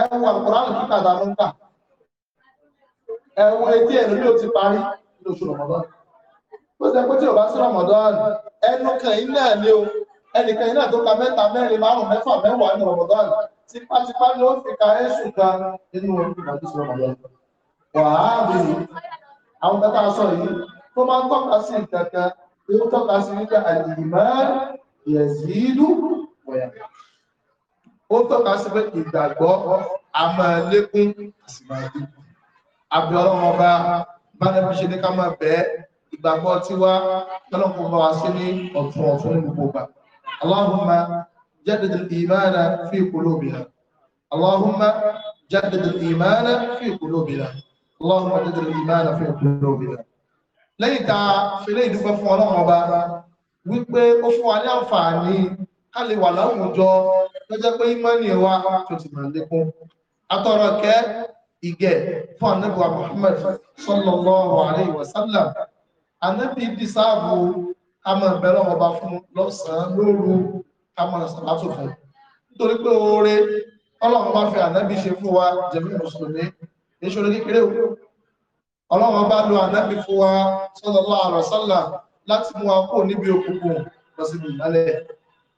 ẹwọ àkùránì kíkà àtàwọn ń kà ẹwọ etí ẹnu ní o ti parí lóṣù rọmọdọ́n ó sẹ pé tí o bá sí rọmọdọ́n ẹnu kan yín náà ni o ẹnìkan yín náà tó ka mẹ́ta mẹ́rin márùn mẹ́fà mẹ́wàá ní rọmọdọ́n tipátipá ni ó fi ka ẹ̀sùn kan nínú ìgbà tó sí rọmọdọ́n wàá bèrè àwọn kẹta sọ yìí tó máa ń tọ́ka sí nǹkan kan tó tọ́ka sí nígbà àdìmọ́ yẹ̀zídú wọ̀yà ó tọ́ka sí pé ìgbàgbọ́ a máa lékún a sì máa lékún àbí ọlọ́run ọba bánẹ́bí ṣe ní ká máa bẹ́ẹ̀ ìgbàgbọ́ tí wá tọ́lọ́kùn bá wa sí ní ọ̀tún ọ̀tún gbogbo gbà Allahumma jaddid al-imana fi qulubina Allahumma jaddid al-imana fi qulubina Allahumma jaddid al-imana fi qulubina lẹ́yìn tá a fi lé ìdúpẹ́ fún ọlọ́run ọba wípé ó fún wa ní àǹfààní ká lè wà láwùjọ tó pé ìmánì wa tó ti máa lékún atọ́rọ̀ kẹ́ ìgẹ̀ fún anábìwá Muhammad sallallahu alaihi wasallam anábì dísáàbù ká máa bẹ̀rẹ̀ ọba fún lọ́sàn-án lóru ká máa sàbátò fún nítorí pé oore ọlọ́run bá fi ànábì ṣe fún wa jẹ̀mí mùsùlùmí ìṣòro kékeré ọlọ́run bá lo ànábì fún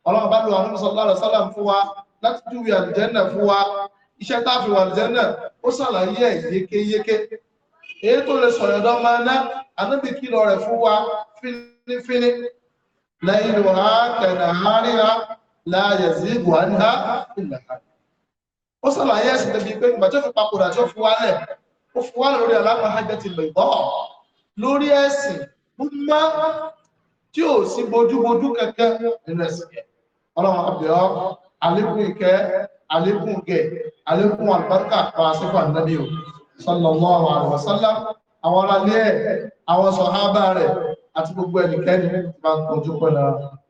ọlọ́run bá lò àrùn sọ̀lọ́rọ̀ sọ́lọ́m fún wa láti júwe àlùjẹ́nà fún wa iṣẹ́ tá a fi wà àlùjẹ́nà ó ṣàlàyé ẹ̀ yékéyéké èyí tó lè sọ̀rọ̀ dán máa ná ànábì kìlọ̀ rẹ̀ fún wa fínífíní lẹ́yìn wàá kẹ̀dà háríra láàyè sí buhariha ìlànà ó ṣàlàyé ẹ̀sìn tẹ̀bi pé ìgbà tó fi papòdà tó fi wálẹ̀ ó fi wálẹ̀ lórí aláàmà hajjati bẹ̀gbọ́ lórí ẹ̀sìn gbúgbá tí ò sí bojúbojú kẹ̀kẹ́ nínú ẹ̀sìn yẹn ọlọ́run àbíọ́ àlékún ìkẹ́ àlékún gẹ̀ àlékún àlùbáríkà pa sípò ànábì o sallallahu alaihi wasallam àwọn aráalé ẹ̀ àwọn sọ̀hábà rẹ̀ àti gbogbo ẹnikẹ́ni bá ń tọ́jú pẹ̀lú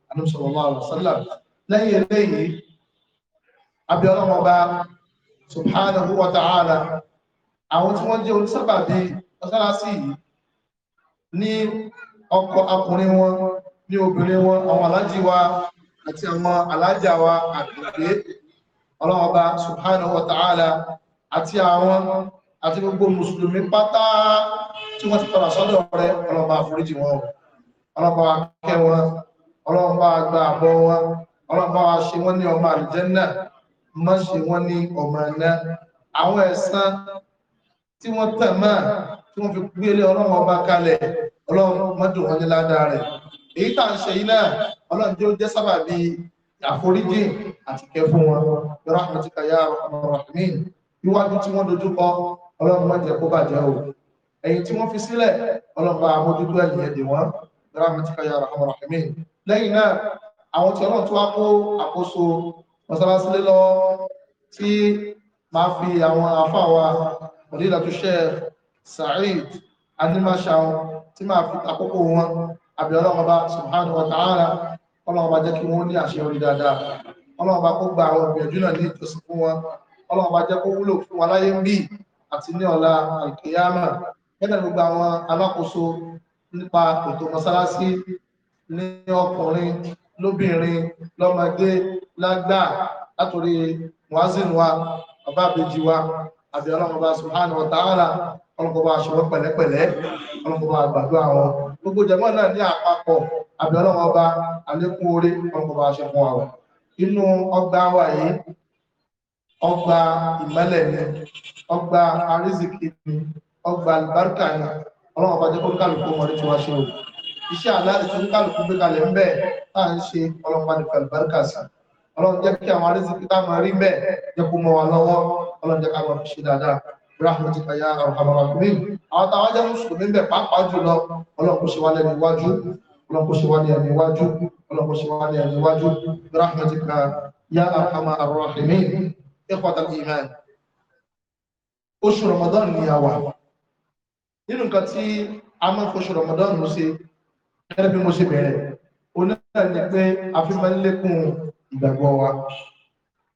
ànábì sallallahu alaihi wasallam lẹ́yìn eléyìí àbí ọlọ́run ọba subhanahu wa ta'ala àwọn tí wọ́n jẹ́ onísábàbí mọ́sálásí yìí ní ọkọ akùnrin wọn ní obìnrin wọn àwọn alájí wa àti àwọn alájà wa àgbègbè ọlọ́run ọba subhanahu wa ta'ala àti àwọn àti gbogbo mùsùlùmí pátá tí wọ́n ti padà sọ́dọ̀ rẹ̀ ọlọ́run bá foríjì wọn ọlọ́run bá kẹ́ wọn ọlọ́run bá gba àbọ̀ wọn ọlọ́run bá wa ṣe wọ́n ní ọmọ àlùjẹ́nà má ṣe wọ́n ní ọmọ ẹ̀nà àwọn ẹ̀san tí wọ́n tẹ̀ mọ́ tí wọ́n fi gbélé ọlọ́run kalẹ̀ ọlọ́run mọ́dún wọn ní ládàá rẹ̀ èyí tà ń ṣe yìí náà ọlọ́run tí ó jẹ́ sábà bí àforíjì àti kẹ́ fún wọn yọrọ àmọ́tíkà yá ọmọràmín iwájú tí wọ́n dojúkọ ọlọ́run má jẹ́ kó bàjẹ́ o ẹ̀yìn tí wọ́n fi sílẹ̀ ọlọ́run bá mójútó ẹ̀yìn ẹ̀dẹ̀ wọn yọrọ àmọ́tíkà yá ọmọràmín lẹ́yìn náà àwọn tí ọlọ́run tó wá kó àkóso mọ́sálásí lé lọ tí máa fi àwọn afáwa ọ̀dílà tó ṣe Saeed Adimashao tí máa subhanahu wa ta'ala ọlọ́run bá jẹ́ kí wọ́n ní àṣeyọrí dáadáa ọlọ́run bá kó gba àwọn ìgbìyànjú náà ní ìjọsìn fún wọn ọlọ́run bá jẹ́ kó wúlò fún wa láyé ń bí àti ní ọ̀la àìkéyàmà gẹ́gẹ́ gbogbo àwọn alákòóso nípa ètò mọ́sálásí ní ọkùnrin lóbìnrin lọ́mọdé lágbà látòrí muazin wa bàbá àbèjì wa àbí ọlọ́run bá subhanahu wa ta'ala ọlọ́run bá pẹ̀lẹ́pẹ̀lẹ́ ọlọ́run bá gbàdúrà gbogbo jẹmọ́ náà ní àpapọ̀ àbẹ̀rẹ̀ wọn bá àlékún orí ọkọ̀ bá ṣe fún wa wà inú ọgbà wa yìí ọgbà ìmọ́lẹ̀ ni ọgbà àrísìkí ni ọgbà àlùbáríkà ni ọlọ́wọ́n bá jẹ́ kó kálukú wọn ní tiwa ṣe o iṣẹ́ aláàdì tó ń kálukú gbé kalẹ̀ ń bẹ̀ tá ń ṣe ọlọ́wọ́n ní àlùbáríkà sí ọlọ́wọ́n jẹ́ kí àwọn àrísìkí tá a máa rí bẹ́ẹ̀ jẹ́ kó mọ́ wa lọ́wọ́ ọlọ́wọ́n jẹ́ ká rahmatika ya arhamar rahimin àwọn táwọn jẹ́ mùsùlùmí bẹ̀ pàápàá jùlọ ọlọ́kùn sí wa lẹ́nu iwájú ọlọ́kùn sí wa ní iman oṣù ramadan ni a wà nínú nǹkan tí a máa ń ramadan mú sí gẹ́gẹ́ bí mo ṣe bẹ̀rẹ̀ onáà ni pé a fi máa ń lékún ìgbàgbọ́ wa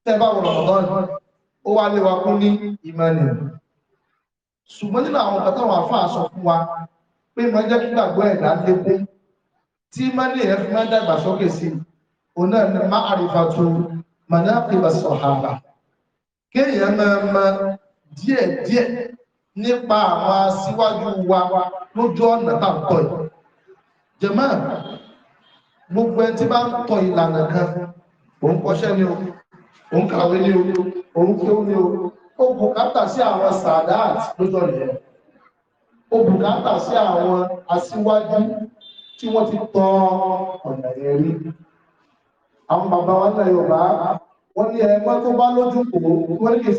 tẹ́ ramadan ó wá lé wa kún ní ìmánì ṣùgbọ́n nínú àwọn ọ̀gá táwọn àfáà sọ fún wa pé máa jẹ́ kí gbàgbọ́ ẹ̀dá lékún tí mọ́lẹ̀ ẹ̀ fi máa dàgbà sókè sí òun náà ni má àrífà tó mọ̀nàpìlà sọ̀hàbà kéèyàn máa mọ díẹ̀díẹ̀ nípa àwọn aṣíwájú wa lójú ọ̀nà tá à ń tọ̀ yìí jẹ̀mọ́ gbogbo ẹni tí bá ń tọ̀ ìlànà kan òun kọ́ṣẹ́ ni o òun kàwé ni o òun kéwú ni o ó bùkátà sí àwọn sadat lójọ́ rẹ̀ ó bùkátà sí àwọn aṣíwájú tí wọ́n ti tọ́ ọ̀nà yẹn rí àwọn bàbá wa náà Yorùbá wọ́n ní ẹgbẹ́ tó bá lójú kò wọ́n ní kì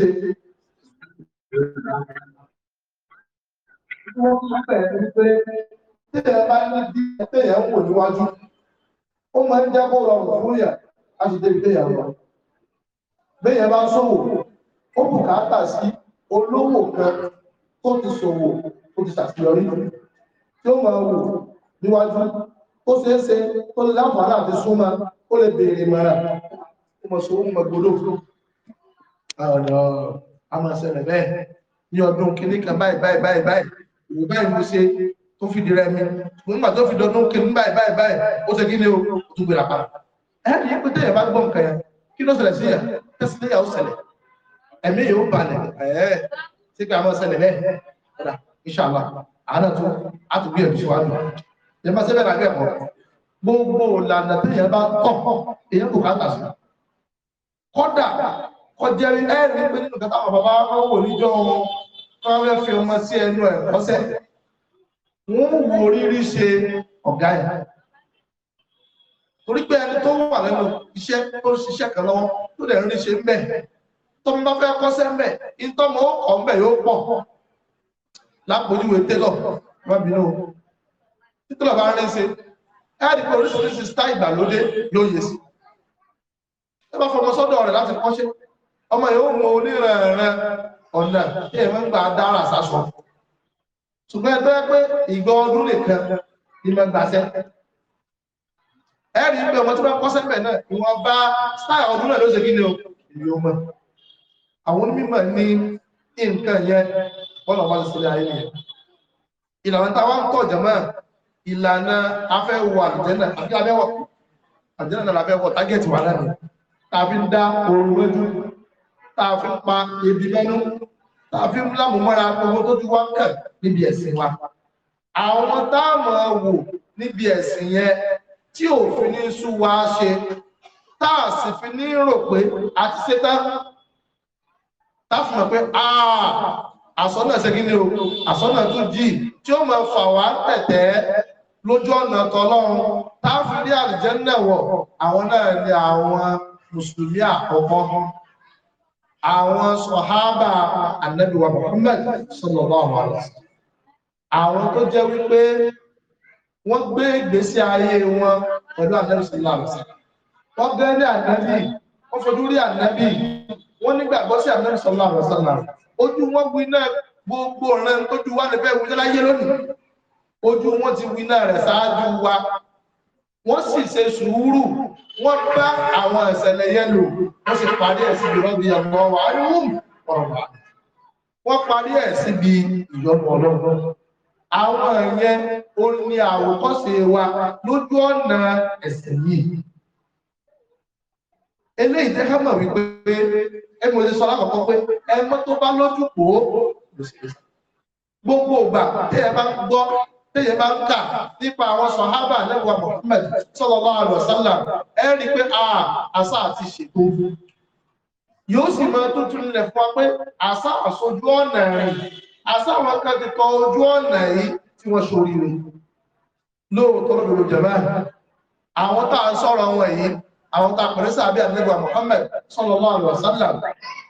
wọ́n tún bẹ̀rẹ̀ wípé téèyàn bá ní bí téèyàn wò níwájú ó máa ń jẹ́ kó rọrùn fún yà á sì débi téèyàn lọ béèyàn bá ń sọ̀wọ́ ó bùkátà sí olówó kan tó ti ṣòwò tó ti ṣàṣeyọrí tí ó máa wò níwájú ó ṣe é ṣe tó lè láǹfààní àti súnmọ́ ó lè béèrè mara ó mọ̀ sọ ohun mọ̀gbọ́dọ̀ ọ̀nà amọ̀sẹ̀rẹ̀ bẹ́ẹ̀ ní ọdún kìíní kan báyìí báyìí báyìí báyìí òwò báyìí mo ṣe tó fi di rẹmi nígbà tó fi dọdún kìíní báyìí báyìí báyìí ó ṣe kí ni o tó gbéra pa ẹ̀ ẹ́ ní pé téèyàn bá gbọ́ nǹkan yẹn kí ló ṣẹlẹ̀ sí yẹn tẹ́sílẹ̀ yà ó ṣẹlẹ̀ ẹ̀mí yóò balẹ̀ ẹ̀ẹ́ tí pé a máa ṣẹlẹ̀ bẹ́ẹ̀ ọ̀dà ìṣàlá àánà tó a ti gbé ẹ̀mí wájú ẹ̀ máa ṣẹlẹ̀ lábẹ́ ẹ̀kọ́ gbogbo ìlànà tí èèyàn bá tọ̀ èèyàn kò ká tàṣù kódà kọjá rí ẹ̀rí pé nínú kẹta àwọn bàbá wọn wò níjọ wọn wọn fẹ́ fi ọmọ sí ẹnu ẹ̀ lọ́sẹ̀ wọn wò rírí ṣe ọ̀gá ẹ̀ torí pé ẹni tó wà lẹ́nu iṣẹ́ tó ṣiṣẹ́ kan lọ́wọ́ tó dẹ̀ ń rí ń bẹ̀ tó ń bá fẹ́ kọ́ṣẹ́ mẹ́ ìtọ́mọ̀ ọkọ̀ mẹ́ yóò pọ̀ lápòjúwe télọ̀ rọ́bìnú títọ́lọ̀ bá rẹ́ ṣe ẹ́rì pé oríṣiríṣi stá ìgbàlódé yóò yẹ sí ẹ bá fọmọ sọ́dọ̀ rẹ̀ láti kọ́ṣẹ́ ọmọ yóò mọ onírẹ̀ẹ̀rẹ̀ ọ̀nà tí èmi ń gbà dára sásọ ṣùgbọ́n ẹgbẹ́ pé ìgbà ọdún nìkan ìmọ̀ gbàṣẹ́ ẹ́rì pé ọmọ tí wọ́n kọ́ṣẹ́ mẹ́ náà ìwọ̀n bá stáì ọdún náà ló ṣe kí ni o ìlú ọmọ àwọn onímọ̀ ní nǹkan yẹn bọ́lá ọba sílẹ̀ ayé nìyẹn ìlànà táwa ń tọ̀ jẹ́mọ́ ìlànà afẹ́wọ̀ àjẹ́nà àbí abẹ́wọ̀ àjẹ́nà náà lábẹ́wọ̀ tágẹ́tì wà náà tàbí ń dá oorun lójú tàbí pa ebi lẹ́nu tàbí ń lámùmọ́ra owó tó ti wá kàn níbi ẹ̀sìn wa àwọn táàmù wò níbi ẹ̀sìn yẹn tí òfin ní sú wa ṣe táà sì fi ní rò pé àti ṣetán táfi mọ̀ pé ah, àsọ́nà ṣẹ́gínlẹ̀ o àsọ́nà tún jì tí ó máa fà wá tẹ̀tẹ̀ lójú ọ̀nà tọ́lọ́run táfi rí àlùjẹ́nà wọ̀ àwọn náà ni àwọn mùsùlùmí àkọ́kọ́ àwọn sọ̀hábà ànábì wa Muhammad sallallahu alaihi wasallam àwọn tó jẹ́ wípé wọ́n gbé ìgbésí ayé wọn pẹ̀lú ànábì sallallahu alaihi wasallam wọ́n gbé rí ànábì wọ́n fojú rí ànábì wọ́n nígbàgbọ́ sí àmì sọ́lá àwọn sọ́lá ojú wọn wí náà gbogbo ọ̀rẹ́ tójú wá nífẹ̀ẹ́ wí láyé lónìí ojú wọn ti wí náà rẹ̀ ṣáájú wa wọ́n sì ṣe sùúrù wọ́n bá àwọn ìṣẹ̀lẹ̀ yẹn lò wọ́n sì parí ẹ̀ síbi rọ́bì ọmọ wa ayúhùn ọ̀rọ̀ wọ́n parí ẹ̀ síbi ìyọnu ọlọ́run àwọn ìyẹn ó ní àwòkọ́ṣe wa lójú ọ̀nà ẹ̀sẹ̀ yìí eléyìí tẹ́ká mọ̀ wípé ẹni mo ti sọ lákọ̀ọ́kọ́ pé ẹmọ́ tó bá lọ́jú pò ó gbogbo ìgbà tẹ́yẹ bá ń gbọ́ tẹ́yẹ bá ń kà nípa àwọn sọ̀hábà lẹ́wọ̀ Muhammad sallallahu alaihi ẹ rí pé a àṣà àti ṣètò yóò sì máa tó tún lẹ̀ fún wa pé àṣà àṣojú ọ̀nà rẹ̀ àṣà àwọn kan ti kọ ojú ọ̀nà yìí tí wọ́n ṣoríire lóòótọ́ lòdòdò àwọn tá à sọ̀rọ̀ wọn yìí àwọn tá a pẹ̀lú sàbí àdínẹ́gbà Muhammad sallallahu alaihi wasallam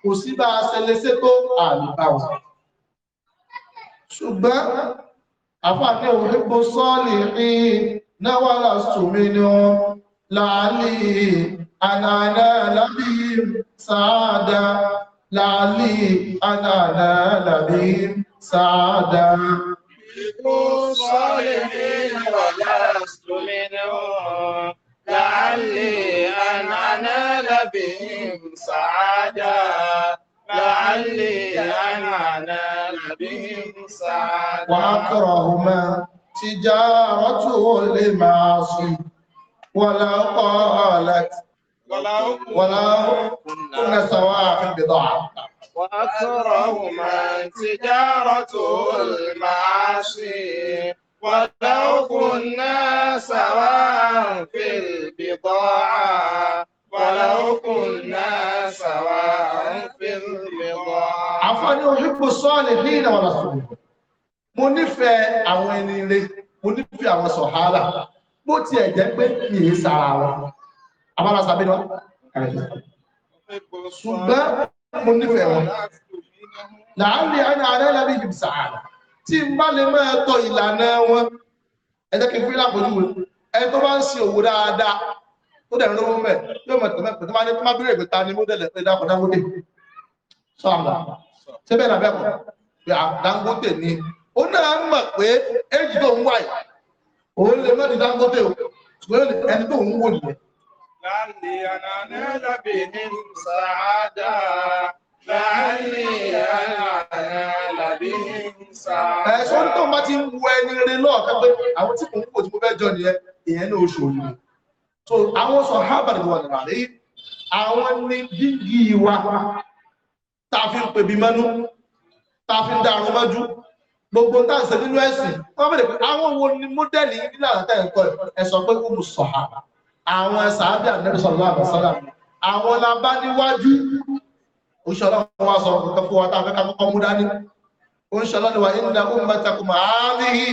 kò sí bá a ṣẹlẹ́sẹ́ tó àlùbá wọn ṣùgbọ́n àfáàní òhìbò sọ́ọ̀lì rí náà wà lásùmí ni wọn láàlì àlànà لعلي أن أنال بهم سعادة لعلي أن أنال بهم سعادة وأكرهما تجارة المعاصي لمعصي ولو قالت ولو كنا سواء في البضاعة وأكرهما تجارة المعاصي ولو كنا سواء في البضاعة ولو كنا سواء في البضاعة عفوا أحب الصالحين ورسوله mo nífẹ̀ẹ́ àwọn ẹni rẹ̀ mo nífẹ̀ẹ́ àwọn sọ̀hálà bó tiẹ̀ jẹ́ pé kì í sára wọn abára sàbí ni wọn ṣùgbọ́n mo nífẹ̀ẹ́ wọn làálẹ̀ àná àrẹ́lẹ́bí yìí sàárà tí n bá lè máa tọ ìlànà wọn ẹ jẹ́ kí n fi lápòjú wọn ẹni tó bá ń sin òwò dáadáa tó dẹ̀ ń lówó mẹ́ yóò mọ̀ tẹ̀mẹ́ pẹ̀lú máa ní tó máa bẹ̀rẹ̀ ìgbé ta ni mọ́dẹ̀lẹ̀ pé dáko Dangote sọ àmọ́ ṣé bẹ́ẹ̀ làbẹ́ kọ́ pé Dangote ni ó náà ń mọ̀ pé éjì tó ń wáyé òun lè mọ́ di Dangote o ṣùgbọ́n ẹni tó ń wò nìyẹn. láàlì àná ẹ̀sùn tó bá ti ń wo ẹni rere lọ́ọ̀kan pé àwọn tí kò ń tí mo fẹ́ jọ nìyẹn ìyẹn ní oṣù òyìnbó so àwọn sọ harvard wà nìyà rí àwọn ní dígí wa ta fi ń pè bí mẹ́nu ta fi ń dárun mọ́jú gbogbo tá à ń nínú ẹ̀sìn wọ́n bẹ̀rẹ̀ pé àwọn wo ni mọ́dẹ́lì nílànà tá ẹ̀kọ́ pé òṣèlú wa sọ nǹkan fún wa tá a fẹ́ ká kọ́kọ́ mú dání ó ń ṣọlọ́ ni wà inna ummatakum àádìí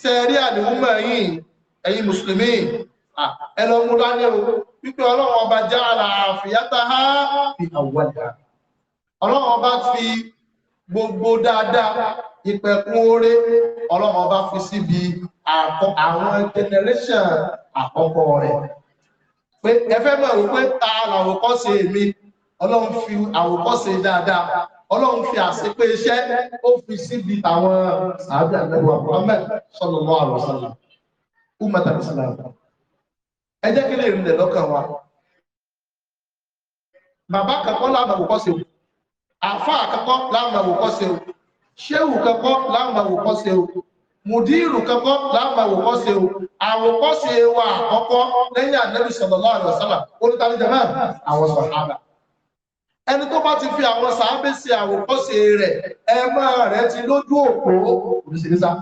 ṣe rí àdìmúmọ̀ yìí ẹ̀yin mùsùlùmí ẹ lọ mú dání o gbogbo dáadáa ìpẹ̀kún oore ọlọ́run ọba fi síbi àwọn generation àkọ́kọ́ rẹ̀ pé ẹ fẹ́ mọ̀ wípé ta làwòkọ́ sí èmi ọlọ́run fi àwòkọ́ṣe dáadáa ọlọ́run fi àṣepé iṣẹ́ ó fi síbi tàwọn sàábì àgbẹ̀wò Muhammad sallallahu alaihi wasallam ummat al-islam ẹ jẹ́ kí lè rìnlẹ̀ lọ́kàn wa bàbá kankan láwọn àwòkọ́ṣe o àfáà kankan láwọn àwòkọ́ṣe o ṣéwù kankan láwọn àwòkọ́ṣe o mùdírù kankan láwọn àwòkọ́ṣe o àwòkọ́ṣe wa àkọ́kọ́ lẹ́yìn ànábì sallallahu alaihi wasallam olùtàlẹ́jàmá àwọn sàhábà ẹni tó bá ti fi àwọn sàábé sí àwòkọ́ṣe rẹ̀ ẹmọ́ rẹ̀ ti lójú òpó òdìsíní sáà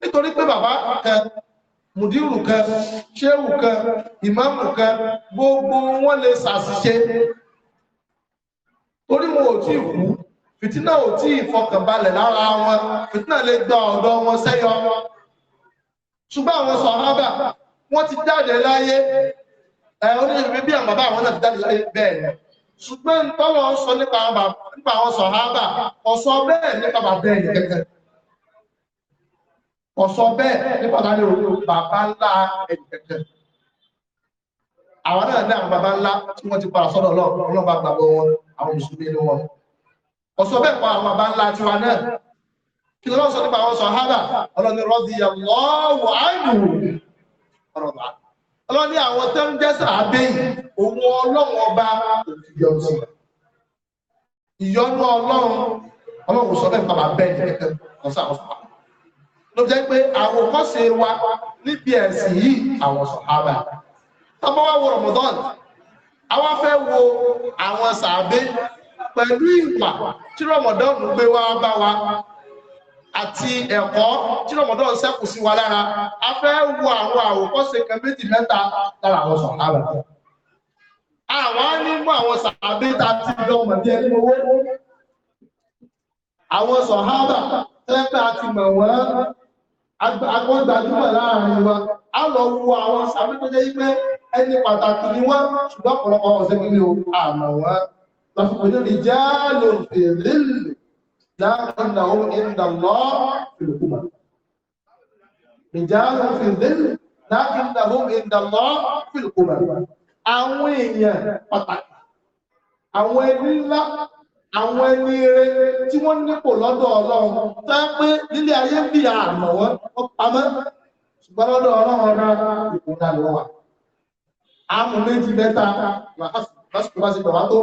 nítorí pé bàbá kan mùdírù kan ṣéwù kan ìmáàmù kan gbogbo wọn lè ṣàṣìṣe torí wọn ò tí ì kú fìtínà ò tí ì fọkànbalẹ̀ lára wọn fìtínà lè gba ọ̀dọ̀ wọn sẹ́yọ ṣùgbọ́n àwọn sọ̀hábà wọ́n ti jáde láyé ẹ̀ oníṣẹ́ bíbí àwọn bàbá àwọn náà ti jáde láyé bẹ́ẹ̀ ṣùgbọ́n tọ́lọ sọ nípa àwọn sọ̀hábà ọ̀sọ̀ bẹ́ẹ̀ nípa bàbẹ́ ẹ̀ kẹ́kẹ́ ọ̀sọ̀ bẹ́ẹ̀ nípa tàbí òun bàbá ńlá ẹ̀ kẹ́kẹ́ àwọn náà ní àwọn bàbá ńlá tí wọ́n ti padà sọ́dọ̀ ọlọ́ba gbàgbọ́ wọn àwọn mùsùlùmí ni wọn ọ̀sọ̀ bẹ́ẹ̀ pa àwọn bàbá ńlá tiwa òun ọlọ́run ọba ìyọ̀tí ìyọ́nú ọlọ́run ọlọ́run sọ bẹ́ẹ̀ pàmà bẹ́ẹ̀ jẹ́ ọ̀sán àwọn sọ̀rọ̀ ló jẹ́ pé àwòkọ́ṣe wa níbi ẹ̀sìn yìí àwọn sọ̀hábà tọ́bọ́ wá wo Ramadan àwọn fẹ́ wo àwọn sàábé pẹ̀lú ìwà tí Ramadan gbé wá bá wa àti ẹ̀kọ́ tí Ramadan ṣẹ́kù sí wa lára a fẹ́ wo àwọn àwòkọ́ṣe kan méjì mẹ́ta lára àwọn sọ̀hábà àwọn á ní mú àwọn sàbí ta ti lọ mọ̀ bí ẹni owó àwọn sọ̀hábà tẹ́lẹ̀pẹ́ àti mọ̀ wọ́n agbọ́gbàjúmọ̀ láàrin wa a lọ wo àwọn sàbí tó jẹ́ wípé ẹni pàtàkì ni wọ́n ṣùgbọ́n ọ̀pọ̀lọpọ̀ ọ̀sẹ̀ gbígbé o àmọ̀ wọ́n lọ́fọ̀pọ̀jọ́ ni jálò fèrèlè láàrin àwọn ìdàlọ́ ìlúkùmọ̀ ìjálò fèrèlè láàrin àwọn ìdàlọ́ ìlúkùmọ̀ àwọn èèyàn pàtàkì àwọn ẹni ńlá àwọn ẹni rere tí wọ́n nípò lọ́dọ̀ ọlọ́run tá pé nílé ayé bí àmọ́ wọn pamọ́ ṣùgbọ́n lọ́dọ̀ ọlọ́run ọ̀rọ̀ ìpò náà ló wà àmú méjì mẹ́ta lásìkò bá ṣe bàbá tó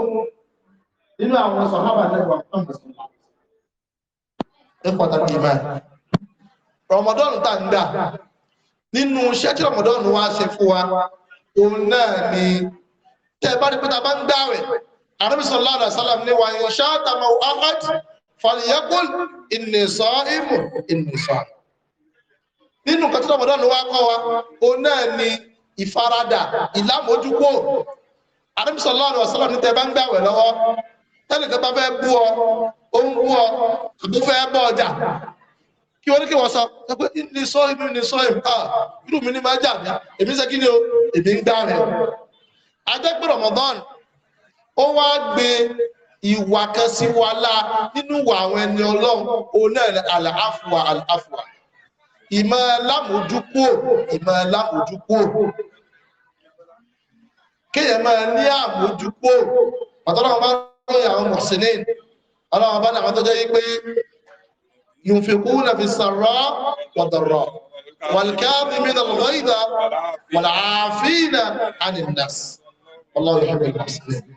nínú àwọn sọ̀hábà lẹ́gbàá fún ọ̀sán ẹ pàtàkì ìmọ̀ rọmọdọ́nù tá ń dà nínú iṣẹ́ tí rọmọdọ́nù wá ṣe fún wa òun náà ni tẹ́ bá rí pé ta bá ń gbààwẹ̀ Ànábì sallallahu alaihi wasallam ní wa in shata maw'aqat falyaqul inni sa'imun inni sa'imun nínú nǹkan tí Ramadan ló wá kọ́ wa òun náà ni ìfaradà ìlàmójúkò Ànábì sallallahu alaihi wasallam ní tẹ́ bá ń gbààwẹ̀ lọ́wọ́ tẹ́lẹ̀ kan bá fẹ́ bú ọ ó ń bú ọ àbúfẹ́ bọ́ ọjà kí wọ́n ní kí wọ́n sọ pé ní sọ ìlú ní sọ ìlú ah irú mi ní máa jà ní èmi ń ṣe kí ni o èmi ń gbá rẹ̀ ajẹ́ Ramadan ó wá gbé ìwà kan sí wa lá nínú ìwà àwọn ẹni ọlọ́run òun náà ní àlàáfùwà àlàáfùwà ìmọ̀ lámòójúkúò ìmọ̀ lámòójúkúò kéèyàn máa ní àmójúkúò pàtàkì àwọn bá ń ròyìn àwọn mọ̀sílẹ̀ ọlọ́run bá ní àwọn tó jẹ́ pé ينفقون في السراء والضراء والكاظمين الغيظ والعافين عن الناس والله يحب المحسنين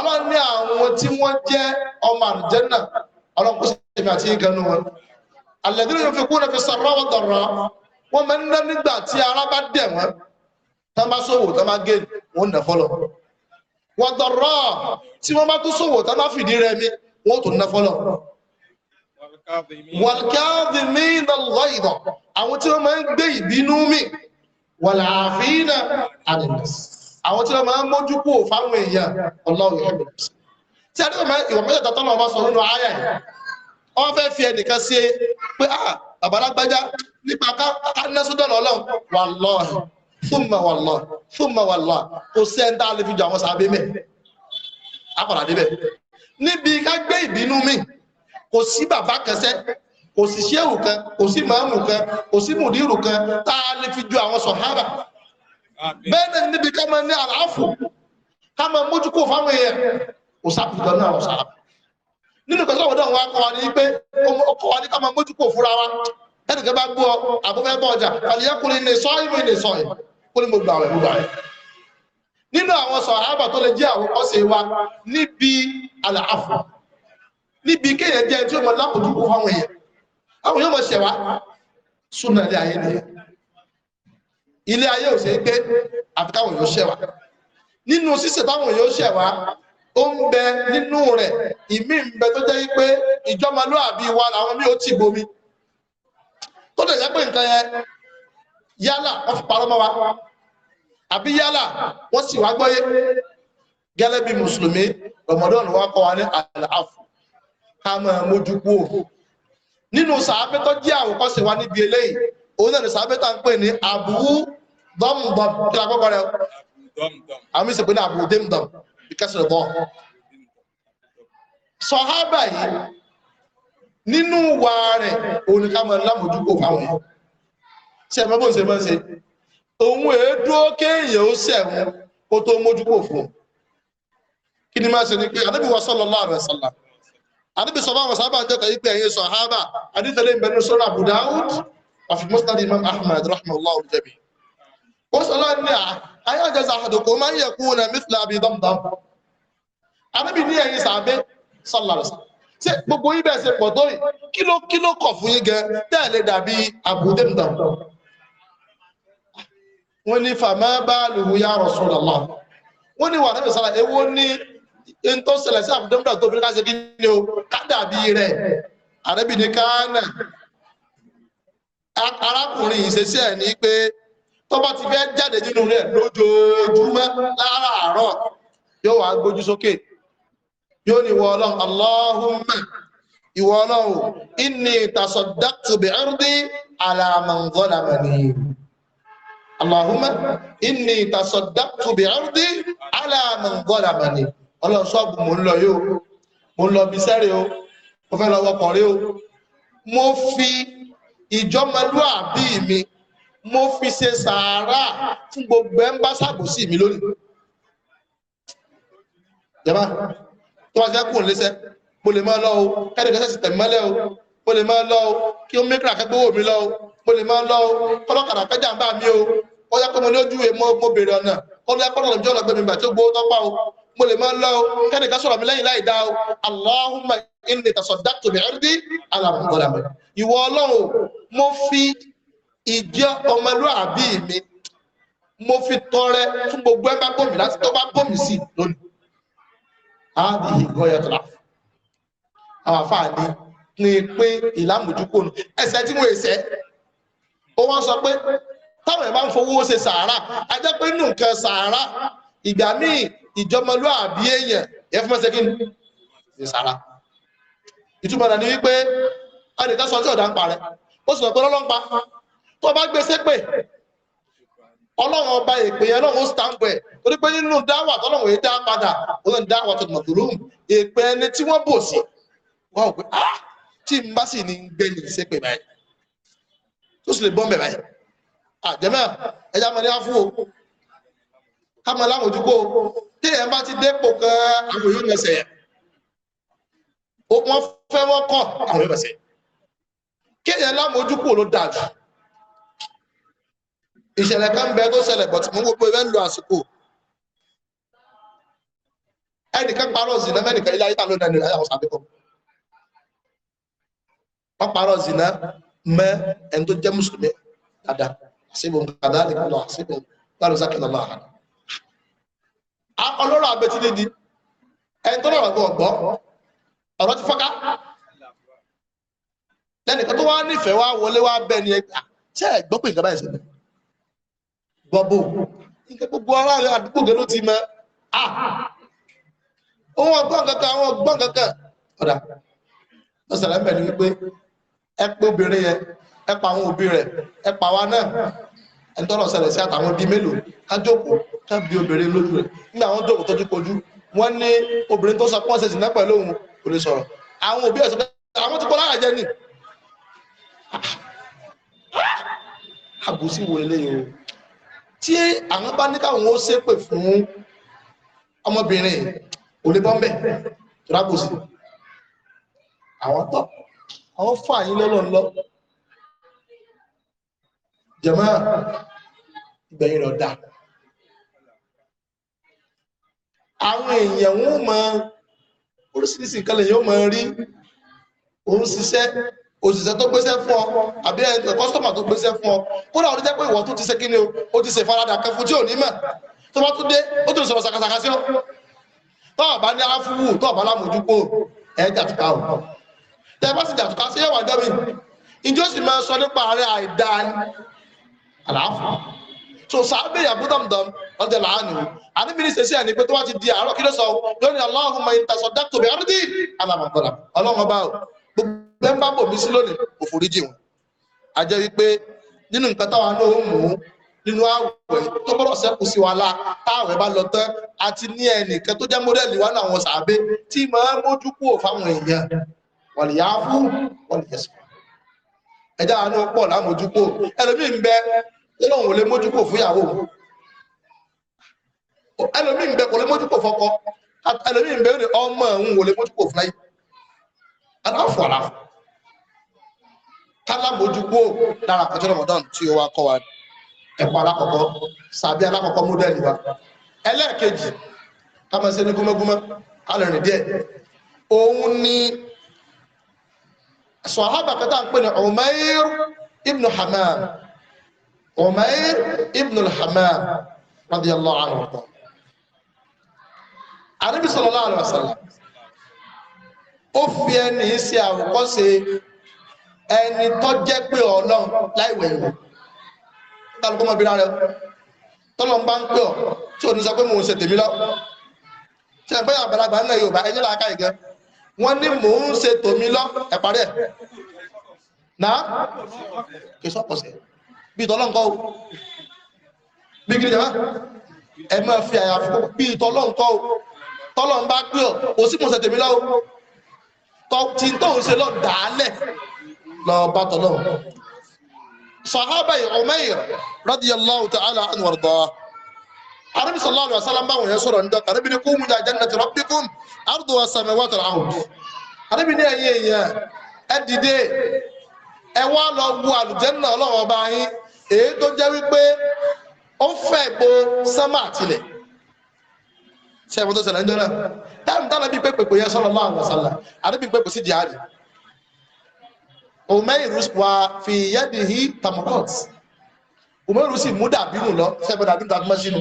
Ọlọ́run ní àwọn tí wọ́n jẹ́ ọmọ àrùjẹ́nà Ọlọ́run kó sèmi àti ìgànnú wọn alladhina yunfiquna fi sarra wa darra wọ́n máa ń ná nígbà tí ara bá dẹ̀ wọ́n tá bá sòwò tá bá gé wọn nà fọlọ́ wa darra tí wọ́n bá tún sòwò tá bá fìdí rẹmi wọ́n tún nà fọlọ́ wàlkàdìmínà lọ́ìdọ̀ àwọn tí wọ́n máa ń gbé ìbínú mì wàlàáfínà àdìmọ̀s àwọn tí wọ́n máa ń mójú kú fáwọn èèyàn ọlọ́run ọ̀dọ̀s tí a dẹ́gbẹ̀mọ́ ìwọ̀n mẹ́ta tọ́nà ọba sọ nínú ayà yìí wọ́n fẹ́ fi ẹnìkan sí pé ah àbálágbájá nípa ká anásúdọ̀nà ọlọ́run wà níbi ká gbé ìbínú mìí kò sí bàbá kẹsẹ́ kò sí ṣéwù kan kò sí màámù kan kò sí mùdírù kan tá a lè fi ju àwọn sọ̀hábà bẹ́ẹ̀ náà níbi ká máa ní àlàáfù ká máa mójú kó fáwọn èèyàn kò sábùdọ̀ náà wọ̀ sára nínú ìgbésẹ̀ ọ̀dọ̀ àwọn akọ̀wà ní pé ọkọ̀ wa ní ká máa mójú kó fúra wa ẹnìkan bá gbọ́ àbúfẹ́ bọ́ ọjà àlìyẹ́kùnrin ní sọ ìmú ní sọ ìmú kó ní mo gbà rẹ̀ gbà rẹ̀ nínú àwọn sọ̀hábà tó lè jẹ́ àwọn kọ́sẹ̀ wa níbi àlàáfù níbi kéèyàn jẹ́ tí ó mọ lápòjúkú fáwọn èèyàn àwọn yóò mọ ṣẹ̀wá súnà ilé ayé nìyẹn ilé ayé ò ṣe é gbé àfi táwọn yóò ṣẹ̀wá nínú ṣíṣe táwọn yóò ṣẹ̀wá ó ń bẹ nínú rẹ̀ ìmí ń bẹ tó jẹ́ pé ìjọmọlúàbí wa làwọn mí ó ti bomi tó lè jẹ́ pé nǹkan yẹn yálà wọ́n fi parọ́ mọ́ wa àbí yálà wọ́n sì wá gbọ́yé gẹ́lẹ́ bí mùsùlùmí rọmọdọ́nù wa kọ́ wa ní àlàáfù ká máa mójú kú ò nínú sàábé tó jẹ́ àwòkọ́ṣe wa níbi eléyìí òun náà ni sàábé tá ń pè ní àbúrú dọ́mùdọ́m kí la kọ́kọ́ rẹ̀ àmì ìsìnkú ní àbúrú dẹ́mùdọ́m ìkẹsìrì bọ́ sọ̀hábà yìí nínú wa rẹ̀ òun ni ká máa lámójú kú fáwọn yìí ṣe ẹ̀mọ́ bó ń ṣe máa ń ṣe òun èédúró kéèyàn ó ṣẹ̀wọ̀n kó tó mójú kú fún kí ni máa ṣe ni pé àdébìwọ̀ sallallahu alaihi wasallam àdìbì sọ fáwọn sábà jọ kàí pé ẹ̀yin sọ̀hábà àdìtẹ̀lé ìbẹ̀rẹ̀ sọ́rọ̀ Abu Dawud àfi Musnad Imam Ahmad rahimahullah jẹ́bi ó sọ́lọ́ ní à ayé àjẹsà àdùkú máa ń yẹ kú na mithla Abi Damdam àdìbì ní ẹ̀yin sàbẹ́ sọ́lọ́rọ̀ ṣe gbogbo ibẹ̀ ṣe pọ̀ tó yìí kíló kíló kọ̀ fún yín gẹ tẹ́lẹ̀ dàbí Abu wọ́n ní n tó ṣẹlẹ̀ sí àbúdá múdà tó fi ká ṣe kí ni o ká dàbí rẹ̀ àrẹ́bìnrin kánà arákùnrin ìṣesí ẹ̀ ní pé tó bá ti fẹ́ jáde nínú rẹ̀ lójoojúmọ́ láràárọ̀ yóò wá gbójú sókè yóò ní ìwọ ọlọ́run Allahumma ìwọ ọlọ́run inni tasaddaqtu bi ardi ala man zalamani Allahumma inni tasaddaqtu bi ardi ala man ọlọ́run ṣọ́ọ̀bù mò ń lọ yóò mo ń lọ bí sẹ́rẹ̀ o mo fẹ́ lọ wọkọ̀ rí o mo fi ìjọmọlúàbí mi mo fi ṣe sàárà fún gbogbo ẹ̀ ń bá ṣàbòsí mi lónìí jẹba tó bá ti kú lẹ́sẹ̀ mo lè máa lọ o kẹ́dẹ̀kẹ́sẹ̀ sì tẹ̀mí mọ́lẹ̀ o mo lè máa lọ o kí ó mẹ́kìlá kẹ́gbówó mi lọ o mo lè máa lọ o kọ́lọ́kàdà kẹ́jà ń bá mi o ó yẹ kó mo ní ojú ìwé mo béèrè ọ̀nà ó lẹ́kọ́ lọ́nà ìjọ́ ọ̀nà gbẹ̀mí ìgbà tó gbowó tọ́pá o mo lè máa lọ o kẹ́nìkan sọ̀rọ̀ mi lẹ́yìn láì dá o Allahumma inni tasaddaqtu bi'irdi ala ma zalama ìwọ ọlọ́run mo fi ìjẹ́ ọmọlúàbí mi mo fi tọrẹ fún gbogbo ẹ bá gbòmí láti tó bá gbòmí sí lónìí ààbì ìgọ́yọ̀ tó láfù àwọn àfáà ní pínpín ìlàmójúkò nù ẹsẹ̀ tí mo ẹsẹ̀ ó wọ́n sọ pé táwọn ẹ̀ máa ń fowó ṣe sàárà a nù nǹkan sàárà ìgbà míì ìjọmọlúàbí èèyàn yẹ fún mọ́sẹ́kí ní sára ìtumọ̀ náà ni wípé ẹnìká sọ tí ọ̀dà ń parẹ́ ó sì sọ pé ọlọ́run pa tó bá gbé sépè ọlọ́run ọba èpè yẹn náà ó stamp ẹ̀ torí pé nínú dáwà tọ́lọ́run èyí dá padà ọlọ́run dáwà tó mọ̀ tòlóhùn èpè ẹni tí ah tí n bá sì ní gbẹ̀yìn sépè ká mọ̀ láwọn ojúgbó tí ẹ bá ti dépò kan àwọn yóò mẹsẹ̀ yẹn wọ́n fẹ́ wọ́n kọ́ àwọn yóò mẹsẹ̀ kéèyàn lámójúkù ló dáa jù ìṣẹ̀lẹ̀ kan bẹ tó ṣẹlẹ̀ bọ̀ tí mo gbogbo ẹ̀ ń lo àsìkò ẹnìkan parọ́ zìnà mẹ́nìkan ilé ayé tà ló dání láyà ọ̀sán àbíkọ́ wọ́n parọ́ zìnà mẹ́ ẹni tó jẹ́ mùsùlùmí dáadáa àṣìbò nǹkan dáadáa nìkan lọ àṣìbò gbàlùsákẹ́ lọ́lọ́ àhàdà ọlọ́rọ̀ abẹ́tílé ni ẹni tó lọ́rọ̀ gbọ́ ọ̀rọ̀ ti fọ́ká lẹ́nìkan tó ni gbogbo ara n'otu ime a. ọgbọ́n kankan àwọn ọgbọ́n kankan mẹ́rin wípé ẹ obìnrin ẹ pa àwọn òbí rẹ̀ ẹ pa wa náà ẹ̀ńtọ́rọ̀ ṣẹlẹ̀ sí àtàwọn bíi mélòó ká jókòó ká bí obìnrin lójú rẹ̀ nígbà wọn jókòó tọ́jú kojú wọ́n ní obìnrin tó sọ pọ́n ṣe sì náà pẹ̀lú òun kò lè sọ̀rọ̀ àwọn òbí ẹ̀sọ́ àwọn ti kọ́ lára jẹ́ nì àbùsí wo eléyìí o tí àwọn bá ní káwọn ó ṣépè fún ọmọbìnrin oníbọ́m̀bẹ̀ tó rábòsí àwọn tọ́ àwọn fún àyín lọ́lọ́ jẹ̀mọ́ ìgbẹ̀yìn rẹ̀ dá àwọn èèyàn wọn mọ oríṣiríṣi nǹkan lèyàn mọ rí òun ṣiṣẹ́ òṣìṣẹ́ tó gbéṣẹ́ fún ọ àbí ẹni kọ́sítọ́mà tó gbéṣẹ́ fún ọ kódà ó ti jẹ́ pé ìwọ tó ti ṣe kí ni o ti ṣe ìfaradà kan fún tí ò ní mọ̀ tó bá tún dé ó tún sọ̀rọ̀ ṣàkàṣàkà sí ọ tó ọ̀bá ní aláfúwù tó ọ̀bá lámùjúgbò ẹ̀ jàtùká o tẹ́ bá sì jàtùká sí ẹ̀wà jẹ́mi ìjọ́sìn máa sọ nípa ààrẹ àìdáa àlàáfù so sàábẹ̀ yàgò dàmdàm ọjà làánù àníbìrì ṣe sí ẹni pé tó wá ti di àárọ̀ kí ló sọ lónìí aláhùn máa ń tasọ̀ dákítò bí arúdí alàmọ̀tọ́là ọlọ́run ọba o gbogbo ẹ̀ ń bá bò mí sí lónìí kò foríjì wọn a jẹ́ wípé nínú nǹkan táwa náà ó mú nínú àwẹ̀ tó bọ́rọ̀ sẹ́kù sí wa la táwẹ̀ bá lọ tán àti ní ẹnìkan tó jẹ́ mọ́dẹ́lì wa náà wọn sàábẹ̀ tí máa mójú kúrò fáwọn èèyàn wọ̀lìyà fún wọ̀lìyà nínú òun lè mójúkò fún ìyàwó ẹlòmíì ń bẹ kò lè mójúkò fọ́kọ ẹlòmíì ń bẹ ó lè ọmọ òun ò lè mójúkò fún láyé aláfọ aláfọ kálámójúkò lára àkọjọ ramadan tí ó wá kọ́ wa ẹ̀kọ́ alákọ̀ọ́kọ́ sàbí alákọ̀ọ́kọ́ mọdẹlì wa ẹlẹ́ẹ̀kejì kámasẹ ní gúmẹgúmẹ alẹrìn díẹ̀ òun ni sọhábà kẹta ń pè ní Umair ibn Hammam Umair ibn al-Hammam radiyallahu anhu tọ́ Ànábì sallallahu alaihi wasallam ó fi ẹni ṣe àwòkọ́ṣe ẹni tó jẹ́ pé ọlọ́run láìwẹ̀ ìwò tálùkọ́ ọmọbìnrin rẹ tọ́lọ́ ń bá ń pè ọ́ tí ò ní sọ pé mò ń ṣe tèmi lọ tí ẹ̀ ń àgbàlagbà náà Yorùbá ẹ̀yìn làákà ìgẹ́ wọ́n ní mò ń ṣe tòmí lọ ẹ̀parí ẹ̀ náà kì í sọ́pọ̀ sí bí tọ́lọ́nkọ́ o bí kiri jama ẹ máa fi àyàfi kó bí tọ́lọ́nkọ́ o tọ́lọ́n bá pé ọ kò sí mọ̀ọ́sẹ̀ tèmi lọ́wọ́ tọ́ tí tó ń ṣe lọ dàálẹ̀ lọ bá tọ́lọ́ sahaba Umayr radiyallahu ta'ala anhu warda arabi sallallahu alaihi wasallam báwọn yẹn sọ̀rọ̀ ndọ arabi ni kúmù dà èyí tó jẹ́ wípé ó fẹ́ gbo sánmà àtìlẹ̀ ṣe ẹ̀fọ́ tó ṣẹlẹ̀ ń jọ́nà dáhùn dáhùn bí pépè pé yẹn sallallahu alaihi wasallam àdébí pépè sí jihad òmẹ́rù wà fi yadihi tamarot òmẹ́rù sì mú dàbínú lọ ṣẹ́fẹ́ dàbínú tàbí mọ́ṣínú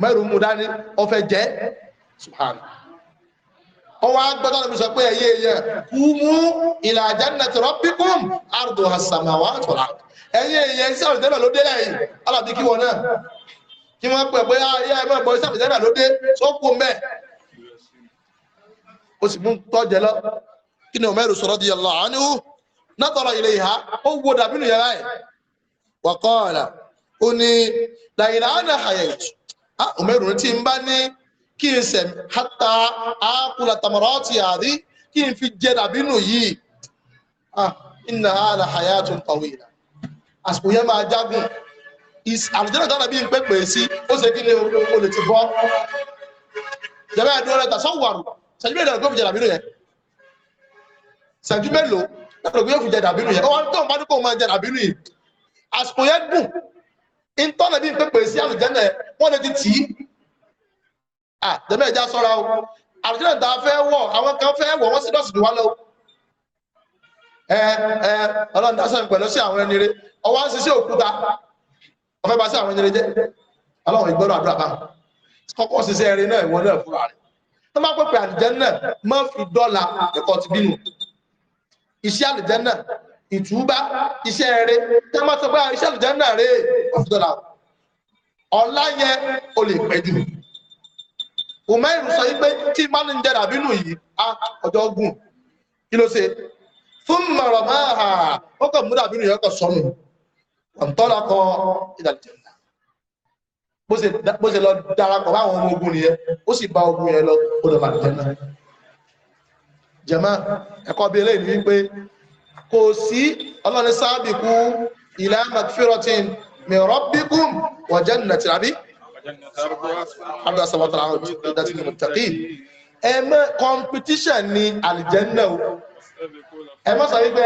mẹ́rù mú dání ọfẹ́ jẹ́ subhana ọwọ́ agbẹ́tọ́ lọ́bí sọ pé ẹ̀yẹ́ yẹ kú mú ila jannati rabbikum arduha as-samawati wal ẹ̀yin èèyàn iṣẹ́ àrùtẹ́nà ló dé lẹ́yìn alábí kí wọn náà kí wọ́n pẹ̀ pé ayé ẹ̀mọ́ ẹ̀gbọ́n iṣẹ́ àrùtẹ́nà ló dé tó kú mẹ́ ó sì mú tọ́jẹ lọ kí ni Umar radiyallahu anhu nadara ilayha ó wo dàbí nù yàrá ẹ̀ wa qala ó ní làyìnà á nà hayẹ̀tù á Umar tí ń bá ní kí n sẹ̀m hatta akula tamarati àdí kí n fi jẹ dàbí nù yìí ah inna ala hayatun tawila àsìkò yẹn máa jágùn àlùjẹ́ náà dábàá bí n pé pè é sí ó ṣe kí ni o lè ti bọ́ jẹ́bẹ́ ẹ̀dùn ọ̀rẹ́ tàṣọ́wàrù ṣẹ́jú mélòó lọ́dọ̀ fi jẹ dàbínú yẹn ṣẹ́jú mélòó lọ́dọ̀ fi jẹ dàbínú yẹn ọwọ́ tó ń bá dúpọ̀ máa jẹ dàbínú yìí àsìkò yẹn dùn ìtọ́nà bí n pé pè é sí àlùjẹ́ náà wọ́n lè ti tì í à jẹ́bẹ́ ẹ̀já sọ́ra o àlùjẹ́ náà dáa fẹ́ wọ̀ àwọn kan fẹ́ wọ̀ wọ́n sì dọ̀sì ọwọ́ ń ṣiṣẹ́ òkúta ọfẹ́ bá sí àwọn ẹni jẹ́ ọlọ́run ìgbọ́dọ̀ àdúrà bá kọ́kọ́ ṣiṣẹ́ eré náà ìwọ náà fúnra rẹ̀ tó má pèpè àlìjẹ́nà má fi dọ́là ẹ̀kọ́ ti bínú iṣẹ́ àlìjẹ́nà ìtúbá iṣẹ́ eré tẹ́ má sọ pé iṣẹ́ àlìjẹ́nà rẹ̀ ó fi dọ́là ọ̀la yẹn o lè pẹ́ jù Umairu sọ pé tí mánu ń jẹ dàbínú yìí á ọjọ́ gùn kí ló ṣe fún mọ̀rọ̀ máa ó kàn mú dàbínú yẹn kàn sọnù ọ̀ntọ́lákọ̀ ìdàlìjẹ̀nà bó ṣe lọ darapọ̀ báwọn ọmọ ogun nìyẹn ó sì bá ogun yẹn lọ ó lọ màlìjẹ̀nà jẹ̀mọ́ ẹ̀kọ́ bí eléyìí wípé kò sí ọlọ́ni sáàbìkú ilá magfiratin min rabbikum wa jannatin àbí ẹ mọ́ competition ni àlìjẹ̀nà ẹ mọ́ sọ wípé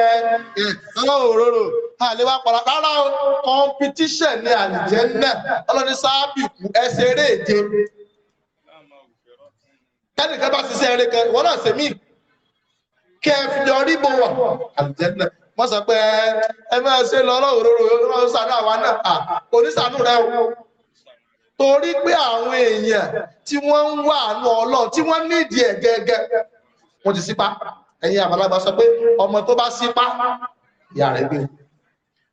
ọlọ́run òróró àlè rárá competition ní àlìjẹ́ náà ọlọ́ni sáábì kú ẹsẹ̀ eré èje kẹ́nìkan bá ṣiṣẹ́ eré kan ìwọ náà sèmí kẹfìdọ̀ ríbo wà àlìjẹ́ náà wọ́n sọ pé ẹ máa ṣe lọ ọlọ́run òróró ọlọ́run ṣàánú àwa náà oníṣàánú rẹ o torí pé àwọn èèyàn tí wọ́n ń wà àánú ọlọ́run tí wọ́n nídìí ẹ̀ gẹ́gẹ́ wọ́n ti sípa ẹ̀yin àbálàgbà sọ pé ọmọ tó bá sípá ìyá rẹ̀ gbé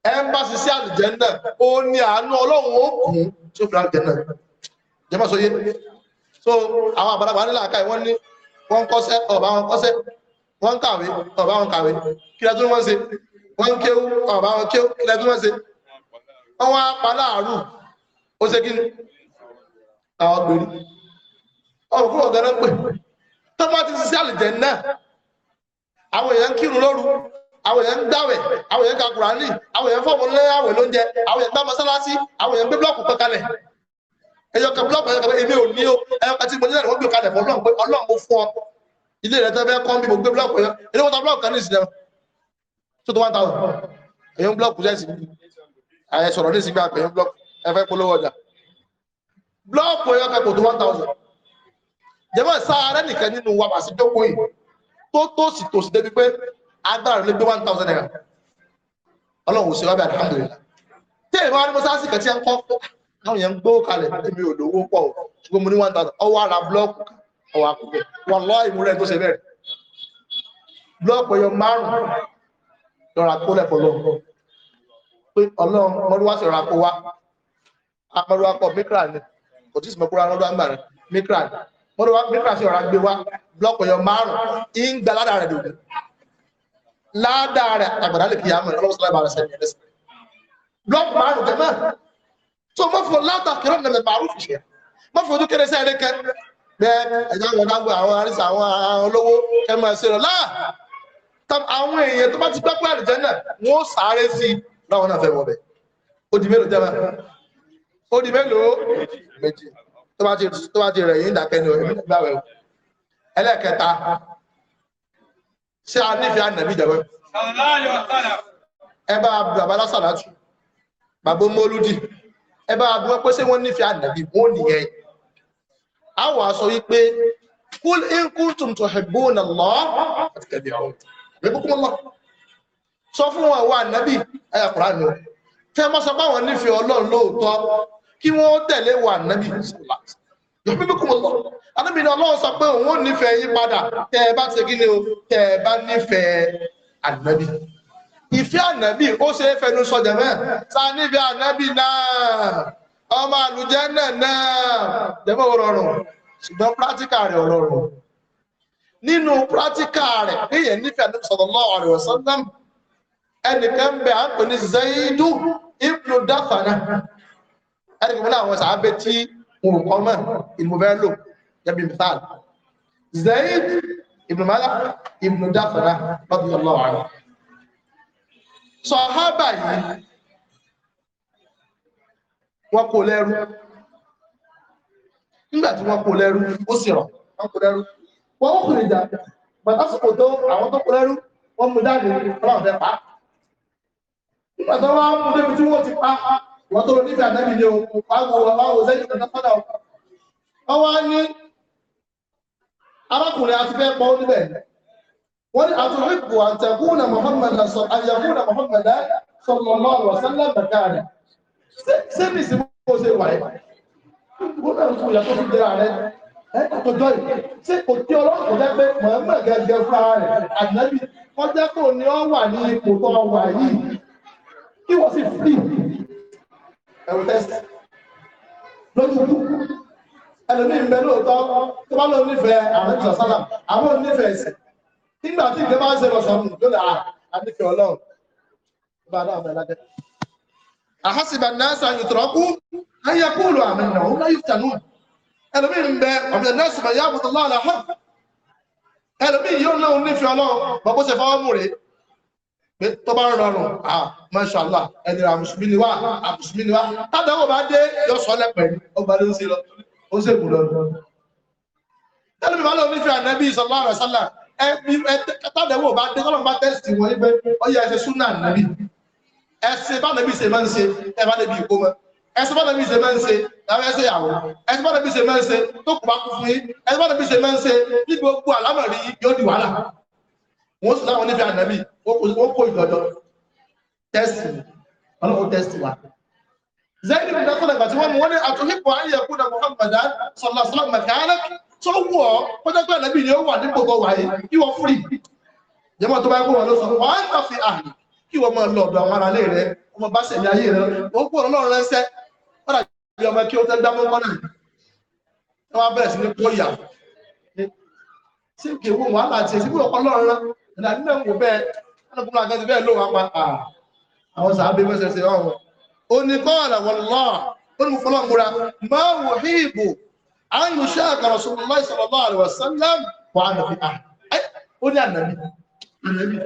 ẹmbásí sí àlùjẹ́ndà ó ní àánú ọlọ́run ó kùn tí ó fi àlùjẹ́ndà jẹ́mọ́ sọ yé so àwọn àbálàgbà nílà àkáì wọ́n ní wọ́n kọ́ṣẹ́ ọ̀bá wọn kọ́ṣẹ́ wọ́n kàwé ọ̀bá wọn kàwé kí lẹ́tún wọ́n ṣe wọ́n kéwú ọ̀bá wọn kéwú kí lẹ́tún wọ́n ṣe wọ́n wá pa láàárù ó ṣe kí àwọn gbèrú ọ̀rùn kúrò gẹ́rẹ́ pé tó bá ti ṣiṣẹ́ àlùjẹ́ndà àwọn èèyàn ń kírun lóru àwọn èèyàn ń gbàwẹ̀ àwọn èèyàn ń ka kùránì àwọn èèyàn fọwọ́ lé àwẹ̀ lóúnjẹ àwọn èèyàn gbá mọ́sálásí àwọn èèyàn gbé blọ́ọ̀kù kan kalẹ̀ ẹyọ kan blọ́ọ̀kù ẹyọ kan èmi ò ní o ẹyọ kan tí mo nílẹ̀ ni wọ́n gbé kalẹ̀ fún ọlọ́run pé ọlọ́run mo fún ọ ilé rẹ tẹ́ fẹ́ kọ́ bí mo gbé blọ́ọ̀kù yẹn ilé wọn ta blọ́ọ̀kù kan ní ìsìn tó tó one thousand èèyàn blọ́ọ̀kù jẹ́ ìsìn àyẹ sọ̀rọ̀ ní ìsìn gbà pé èèyàn blọ́ọ̀kù ẹ fẹ́ polówó ọjà blọ́ọ̀kù ẹyọ kan kò tó one thousand jẹ́mọ̀ sáà rẹ́ tó tòsí tòsí débi pé agbára ló gbé one thousand naira ọlọ́run òsèré ọbẹ̀ alhamdulilah tí èèyàn wá ní mọ́sáàsì kan tí ẹ ń kọ́ àwọn èèyàn ń gbówó kalẹ̀ èmi ò lówó pọ̀ o ṣùgbọ́n mo ní one thousand ọwọ́ ara búlọ́ọ̀kù ọwọ́ àkókò wọn lọ́ ìmúrẹ́ tó ṣe bẹ́ẹ̀ búlọ́ọ̀kù ẹyọ márùn-ún lọ́ra kó lẹ́kọ̀ọ́ lọ́wọ́ pé ọlọ́run mọ́lúwá sì kó wá amọ́lúwá pọ̀ mikra ni kò mọ́kúra lọ́dọ̀ àgbà rẹ̀ mikra ni wọ́n lọ wá pípa sí ọ̀rá gbé wá blọ́ọ̀kù ọ̀yọ́ márùn-ún ń gba ládàá rẹ̀ dògùn ládàá rẹ̀ àgbàdá lè fi àmọ́ ọlọ́wọ́ sọ́lá ìbára sẹ́yìn ẹ̀rẹ́sì blọ́ọ̀kù márùn-ún jẹ́ mẹ́rin tó mọ́ fún látà kìrọ̀ nàmẹ̀ márùn-ún fi ṣe mọ́ fún ojú kéré sẹ́yìn rẹ̀ kẹ́ bẹ́ẹ̀ ẹ̀dá àwọn ọ̀dágbò àwọn arísà àwọn di mélòó jẹ́ di mélòó tó bá ti tó bá ti rẹ̀ yìí dàkẹ́ ni ẹ̀mí nígbà rẹ̀ ẹlẹ́ẹ̀kẹta ṣé a nífẹ̀ẹ́ ànàbí ìjọba ẹ bá bàbá lásàlátù bàbá mólúdì ẹ bá bí wọ́n pé ṣé wọ́n nífẹ̀ẹ́ ànàbí wọ́n nìyẹn a wà sọ wípé kúl in kuntum tuhibbuna Allah àti kẹ̀lẹ́ ọ̀hún rẹ̀ kúkú lọ sọ fún wọn àwọn ànàbí ẹ̀yà kùránù tẹ́ mọ́ sọ nífẹ̀ẹ́ Ọlọ́run lóòótọ́ kí wọ́n tẹ̀lé wa nábì sọ̀lá yọ̀bí bí kò lọ anábì ni ọlọ́run sọ pé òun ò nífẹ̀ẹ́ yín padà tẹ́ ẹ bá ṣe kí ni o tẹ́ ẹ bá nífẹ̀ẹ́ ànábì ìfẹ́ ànábì ó ṣe é fẹnu sọjà mẹ́ ta nífẹ̀ẹ́ ànábì náà ọmọ àlùjẹ́ náà náà jẹ́mọ́ ò rọrùn ṣùgbọ́n pírátíkà rẹ̀ ò rọrùn nínú pírátíkà rẹ̀ kéèyàn nífẹ̀ẹ́ ànábì sallallahu alaihi wasallam ẹnìkan bẹ̀ à ń pè ní Zaidu ibnu Dafana ẹ̀rí kò mọ́ láwọn sàábẹ́ tí wọn ò kọ́mọ̀ ìlú bẹ́ẹ̀ lò gẹ́bí mithal Zaid ibn Malik ibn Dafara radiyallahu anhu sọ̀hábà yìí wọ́n kò lẹ́rú nígbàtí wọ́n kò lẹ́rú ó sì rọ̀ wọ́n kò lẹ́rú wọ́n ó kùnrin jà pàtàkùn tó àwọn tó wọ́n tó nífẹ̀ẹ́ ànábì ní okùn pàwọ̀ sẹ́yìn ọ̀nà padà ọ̀pọ̀ wọ́n wá ní arákùnrin àti fẹ́ pọ̀ níbẹ̀ wọ́n ní àtúnṣepò Muhammad sọ àyẹ̀kùnà Muhammad sọ̀rọ̀ lọ́rọ̀ sẹ́lẹ̀ bàkàrẹ̀ sẹ́bì sí mo ṣe wà yìí wọ́n náà ń kú ìyàtọ̀ sí jẹ́ ààrẹ ẹ̀ àtọ̀jọ́ yìí ṣé kò tí ọlọ́run kò jẹ́ pé Muhammad gẹ́gẹ́ fúnra rẹ̀ ànábì kọjá kò ní ọ wà ní ipò tó wà yìí kí wọ́n sì fi ẹ̀rù tẹ́sí lójú kú ẹlòmí ń bẹ lóòótọ́ tó bá lóò nífẹ̀ẹ́ àrùn ìjọ sálà àwọn onífẹ̀ẹ́ sí nígbà tí ìgbé máa ń ṣe lọ́sọ̀rọ̀ lónà ànífẹ́ ọlọ́run bá dáa bẹ̀rẹ̀ lájẹ́ àhásìbà náà sàn yùtùrọ́kú ayé kúlù àmì ìnáwó láyé ìtànú ẹlòmí ń bẹ ọ̀bẹ̀ náà sùgbà yá àbùtọ̀ láàlá hàn ẹlòmí yóò náà nífẹ̀ẹ́ ọlọ́run bọ́ bó ṣe fọwọ́ mú rèé pé tó bá rọrùn à mọ́ṣálà ẹnìyàn àmùsùmí ni wá àmùsùmí ni wá tádàwọ̀ bá dé yọ sọ lẹ́pẹ̀ ọgbà ló ń ṣe lọ ó sì kù lọ. tẹ́lifí bá lóun nífẹ̀ẹ́ ànábì ìsọ̀lá ọ̀rọ̀ sálà tádàwọ̀ bá dé kọ́lọ́n bá tẹ́sì wọ́n ibẹ̀ ó yẹ ẹsẹ̀ súnà ànábì ẹsẹ̀ bá ànábì ṣe máa ń ṣe ẹ bá débi ìkó mọ́ ẹsẹ̀ bá ànábì ṣe máa ń ṣe láwọn ẹsẹ̀ yàwó ẹsẹ̀ bá ànábì ṣe máa ń ṣe tó kù bá kú fún yín ẹsẹ̀ bá ànábì ṣe máa ń ṣe ní gbogbo àlámọ̀rí yóò di wàhálà wọ́n sì láwọn nífẹ̀ẹ́ ànábì ó kó ìjọjọ́ tẹ́sì ọlọ́run tẹ́sì wa zaidi bin dakula ìgbà tí wọ́n mú wọ́n ní àtúnhípò ayé ẹ̀kú na muhammadan sallasala mẹkàánà tó wù ọ́ wọ́n wọ́n máa lọ ọ̀dọ̀ ọlọ́run náà wọ́n á bẹ̀rẹ̀ ọkùnrin àti bẹ́ẹ̀ ló wà pa àwọn sàábé mẹ́sẹ̀sẹ̀ ọ̀rọ̀ o ní kọ́ọ̀lá wọ̀lọ́ olùfọ́lọ́ múra máa wò híbò àánú ṣe àkàrà sọ̀rọ̀ láì sọ̀rọ̀ bá àrẹ̀wà sálẹ́m wà á nàbí ó ní ànàbí ànàbí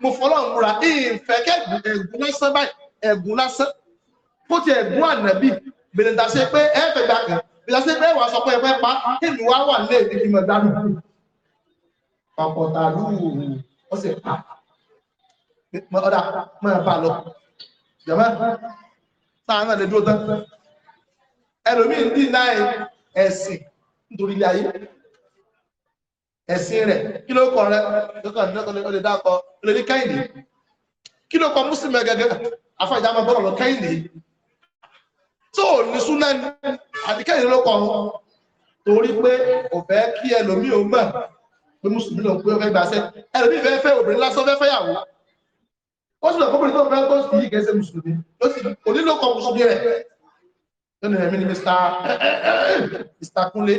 mo fọ́lọ́ múra ìfẹ́ kẹ́gùn ẹ̀gùn lásán báyìí ẹ̀gùn lásán kó ti ẹ̀gùn ànàbí bèrè dà sí pé ẹ ọ̀dà máa bá lọ jẹ̀mọ́ táà náà lè dúró tán ẹlòmíì ní náà ẹ̀sìn nítorí ilé ayé ẹ̀sìn rẹ̀ kí ló kọ̀ rẹ̀ lọ́kàn lọ́kàn lè dákọ̀ lè ní kẹ́hìndì kí ló kọ mùsùlùmí gẹ́gẹ́ afáìjà máa bọ́rọ̀ lọ kẹ́hìndì tó ò ní súná ní àti kẹ́hìndì ló kọ̀ torí pé ò fẹ́ kí ẹlòmíì ó mọ̀ pé mùsùlùmí lòun pé ó fẹ́ gbàṣẹ ó sì lọ́kọ́ pẹ̀lú tó fẹ́ tó sì yí gẹ̀ẹ́sẹ̀ mùsùlùmí ló sì kò nílò kan kò sọ́bí rẹ̀ lẹ́nu ẹ̀mí ni Mr. Kúnlé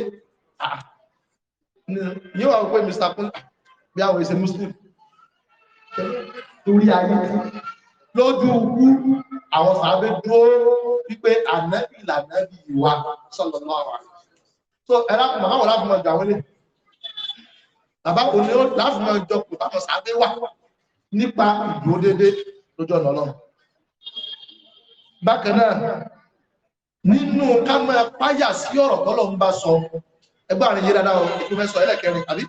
yíò wà pé Mr. Kúnlé bí àwọn èsè mùsùlùmí torí ayé lójú ukú àwọn sàábé dúró wípé ànábì lànábì ìwà sọ́lọ́lọ́ àwọn so ẹ̀rá kùmọ̀ àwọn láfùmọ̀ jọ àwọn ilé bàbá òní láfùmọ̀ jọ kùtàkọ̀ sàábé wà nípa ìdúró dédé lójú ọ̀nà ọlọ́run bákan náà nínú ká máa páyà sí ọ̀rọ̀ tọ́lọ̀ ń bá sọ ẹgbẹ́ àrin yìí dáadáa ìlú mẹ́sọ̀ ẹlẹ́kẹrin àbí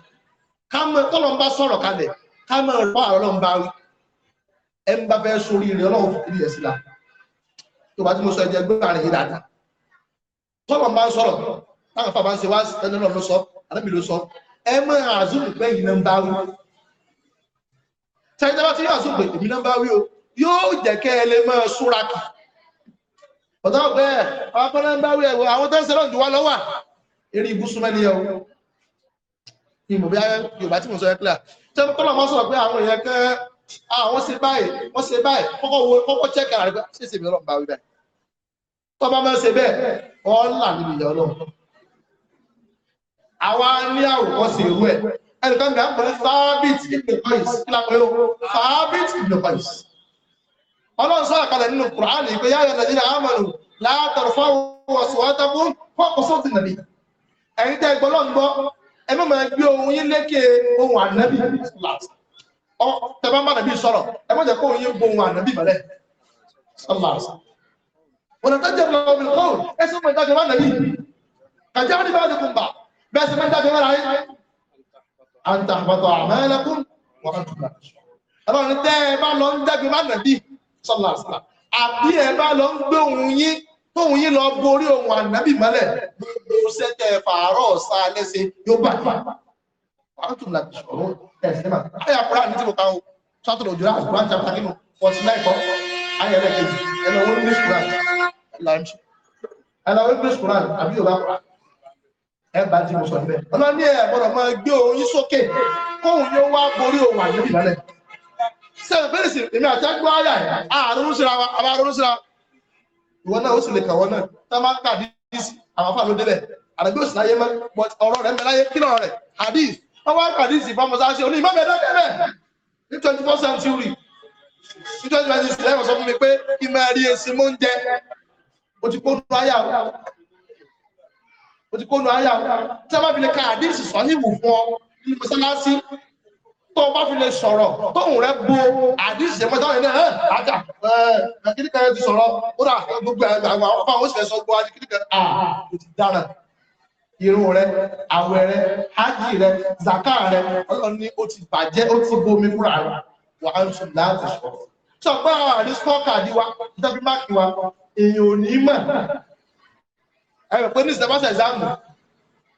ká máa tọ́lọ̀ ń bá sọ̀rọ̀ kalẹ̀ ká máa rọ́ àrọ́ lọ́n bá rí ẹ ń bá fẹ́ sórí rẹ̀ ọlọ́run fún ìrìn ẹ̀sìn láà tó bá tí mo sọ ẹjẹ ẹgbẹ́ àrin yìí dáadáa tọ́lọ̀ ń bá sọ̀rọ̀ táwọn fà bá ń ṣe wá ẹni lọ́nà sọ àdébì ló sọ ẹ máa àzúrù pé ìlẹ̀ ń bá rí tẹ́jọba tí yóò súnpẹ̀ èmi náà bá wí o yóò jẹ́ kẹ́ ẹ lè máa súnra kì ọ̀dọ́ ọ̀gbẹ́ ọ̀pọ̀lọ́ ń bá wí ẹ̀wọ̀ àwọn tó ń sẹ́lọ̀ jù wá lọ́wà eré ibú súnmọ́ ní ẹ̀wọ̀ ìmọ̀ bí Yorùbá check ara rẹ̀ ṣe ṣe mi ọlọ́run bá wí báyìí tó bá máa ṣe bẹ́ẹ̀ ẹnìkan gbà pẹ̀lú sábìt ìbìnú kọ́ìs ìlàpẹ̀lú sábìt ìbìnú kọ́ìs ọlọ́run sọ́rọ̀ kalẹ̀ nínú kùránì pé yáyọ̀ nàìjíríà àmàlù látàrí fáwọn ọ̀sùwátákún fọ́kọ̀ sóòtì nàbí ẹ̀yìn tẹ́ gbọ́ lọ́n gbọ́ ẹmọ́ máa gbé ohun yín lékè ohun ànábì láti ọ tẹ́bá má nàbí sọ̀rọ̀ ẹmọ́ jẹ́ kó ohun yín bo ohun ànábì mọ́lẹ̀ sọ́láàsì ọ̀nà tó jẹ́ lọ́wọ́ mi kọ́ ẹ̀sùn mọ́ ìdájọ́ má nàbí kàjá ní bá àǹtàbàtọ̀ àmẹ́lẹ́kùn wọ́n tún láti ṣọ́ ọlọ́run tẹ́ ẹ bá lọ ń dẹ́gbẹ́ má nàbí sọ́làṣà àbí ẹ bá lọ ń gbé ohun yín tóhun yín lọ borí ohun ànábì mọ́lẹ̀ gbogbo sẹ́tẹ̀ fàárọ̀ ọ̀sá lẹ́sẹ̀ yóò bà jù wọ́n tún láti ṣọ̀rọ̀ ẹ̀sẹ̀ mà ayà kúrò àní tí mo ka o sátọ̀ lòjọ́ àti ẹgbà tí mo sọ níbẹ̀ ọlọ́ ní ẹ̀gbọ́dọ̀ máa gbé oyin sókè kóhun yóò wá borí òun àjẹ́bì lálẹ́ sẹ́yìn bẹ́ẹ̀ èmi àti agbó ayà àárún síra wa àbárún síra ìwọ náà ó sì lè kàwọ́ náà tá máa ń kà díìsì àwọn afá ló débẹ̀ àdàgbé òsì láyé mọ́ but ọ̀rọ̀ rẹ̀ mẹ́láyé kí lọ́rọ̀ rẹ̀ àdìs wọ́n wá kà díìsì bá oní ìmọ̀ mẹ́ta ní twenty ó ti kónú ayá tí a bá fi lè ka àdísì sọ níwò fún ọ nínú mọ́sálásí tó bá fi lè sọ̀rọ̀ tóun rẹ bo àdísì ṣe mọ́sálásí náà ẹ̀ àjà ẹ̀ kíríkà ẹ̀ ti sọ̀rọ̀ ó rà gbogbo ẹ̀ àwọn ọba àwọn òṣìṣẹ́ sọ gbọ́ àti kíríkà à ó ti dára irun rẹ àwẹ̀ rẹ hajj rẹ zaka rẹ Ọlọ́run ni ó ti bàjẹ́ ó ti bomi fúnra rẹ wà á ń sùn láti sọ̀rọ̀ sọ̀gbọ́n àwọn àdísì kọ́kà àdíwá máàkì wa èèyàn ò ní mọ̀ ẹ̀rọ pé ní ìsìtẹ́fàṣẹ ìsáàmù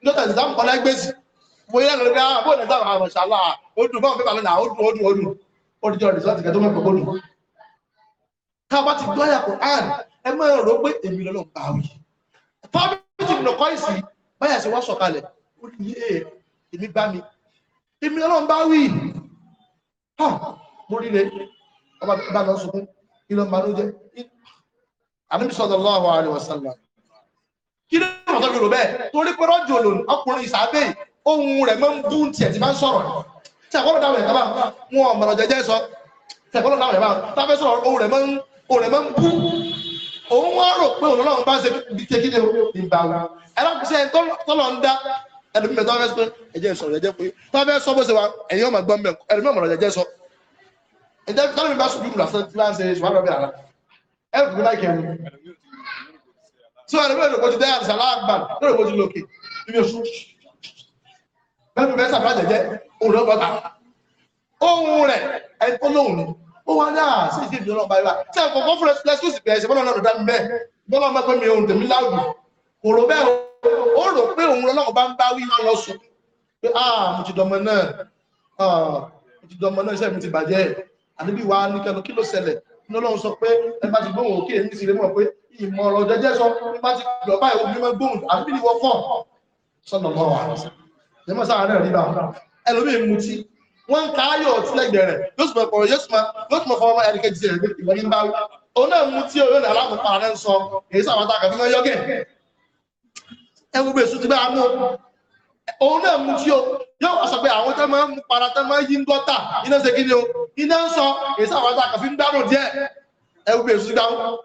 nítorí ìsìtẹ́fàṣẹ kọ́lá gbèsè mo yẹ lọ́dọ̀ pé ah bóyá ìsìtẹ́fàṣẹ àwọn ọ̀ṣà láà ó dùn báwọn pépà lọ́nà ó dùn ó dùn ó dùn ó dùn jọ rìsọ́ọ̀tì kẹ́tọ́ mẹ́pẹ́ kó dùn. ká bá ti gbọ́yà kó án ẹ mọ ẹ̀rọ pé èmi lọ́lọ́ ń báwí. fábíyì nà kọ́ ìsì báyà sí wọ́n sọ̀kalẹ̀ ó ní yé èmi bá mi èmi kí ló mọ̀ tọ́jú lò bẹ́ẹ̀ torí pé rọ́jò lò ọkùnrin ìsàbẹ̀ ohun rẹ̀ mọ́ ń bú tiẹ̀ ti máa ń sọ̀rọ̀ tí àkọ́lọ́ dáwọn ẹ̀ká báwọn wọn ọ̀mọ̀rọ̀ jẹjẹ sọ tí àkọ́lọ́ dáwọn ẹ̀ká báwọn táfẹ́ sọ̀rọ̀ ohun rẹ̀ mọ́ ń bú òun wọ́n rò pé òun náà bá ṣe bí tẹ́kí ní ìgbà wọn ẹlọ́kùnṣẹ́ tọ́lọ̀ ń dá ẹlòmíì tó fẹ́ sọ pé ẹ̀jẹ̀ sọ̀rọ̀ jẹjẹ pé tó fẹ́ sọ so ẹni bẹ́ẹ̀ lòkòtì dẹ́ àdìsá láàgbà lórí òkòtì lòkè ibi oṣù bẹ́ẹ̀ bẹ́ẹ̀ sàbẹ̀ àjẹjẹ òun ọgbọ́ta ohun rẹ̀ ẹ̀kọ́ lóhùn ni ó wá náà sí ìdí ìdí ọlọ́ọ̀bá yìí wá tí ẹ̀kọ́ kọ́ fún lẹ́sùsì bẹ̀rẹ̀ ṣe bọ́lá náà dá mi bẹ́ẹ̀ bọ́lá ọmọ pé mi òun tèmi láàrú kò rò bẹ́ẹ̀ ó rò pé òun ọlọ́ọ̀ bá ń bá wí náà lọ sùn pé ah mo ti dọmọ náà ah mo ti dọmọ náà iṣẹ́ mi ti bàjẹ́ àdébí wa ní kẹnu kí ló ṣẹlẹ̀ ní ọlọ́run sọ pé ẹ bá ti gbóhùn òkè ní ìsìlẹ̀ mọ̀ pé ìmọ̀ràn jẹjẹ sọ nípa ti gbọ̀ báyìí omi mọ́ gbóhùn àbí ìwọ fọ́ sọ́nà mọ́ wa ní mọ́ sáà náà nígbà ẹlòmíì mutí wọ́n ń ka ayọ̀ ọ̀tílẹ̀gbẹ̀ rẹ̀ yóò sùpọ̀ pọ̀ yóò sùpọ̀ yóò sùpọ̀ fọwọ́ ẹnikẹ́jì rẹ̀ ìwọ ní bá òun náà mú tí òun alákòópa rẹ̀ ń sọ èyí sáwọn àtàkà fún yọ́gẹ̀ ẹ gbogbo èso ti bá a mú òun náà mú tí o yóò wá sọ pé àwọn tó máa ń gbárùn díẹ̀ ẹ gbárùn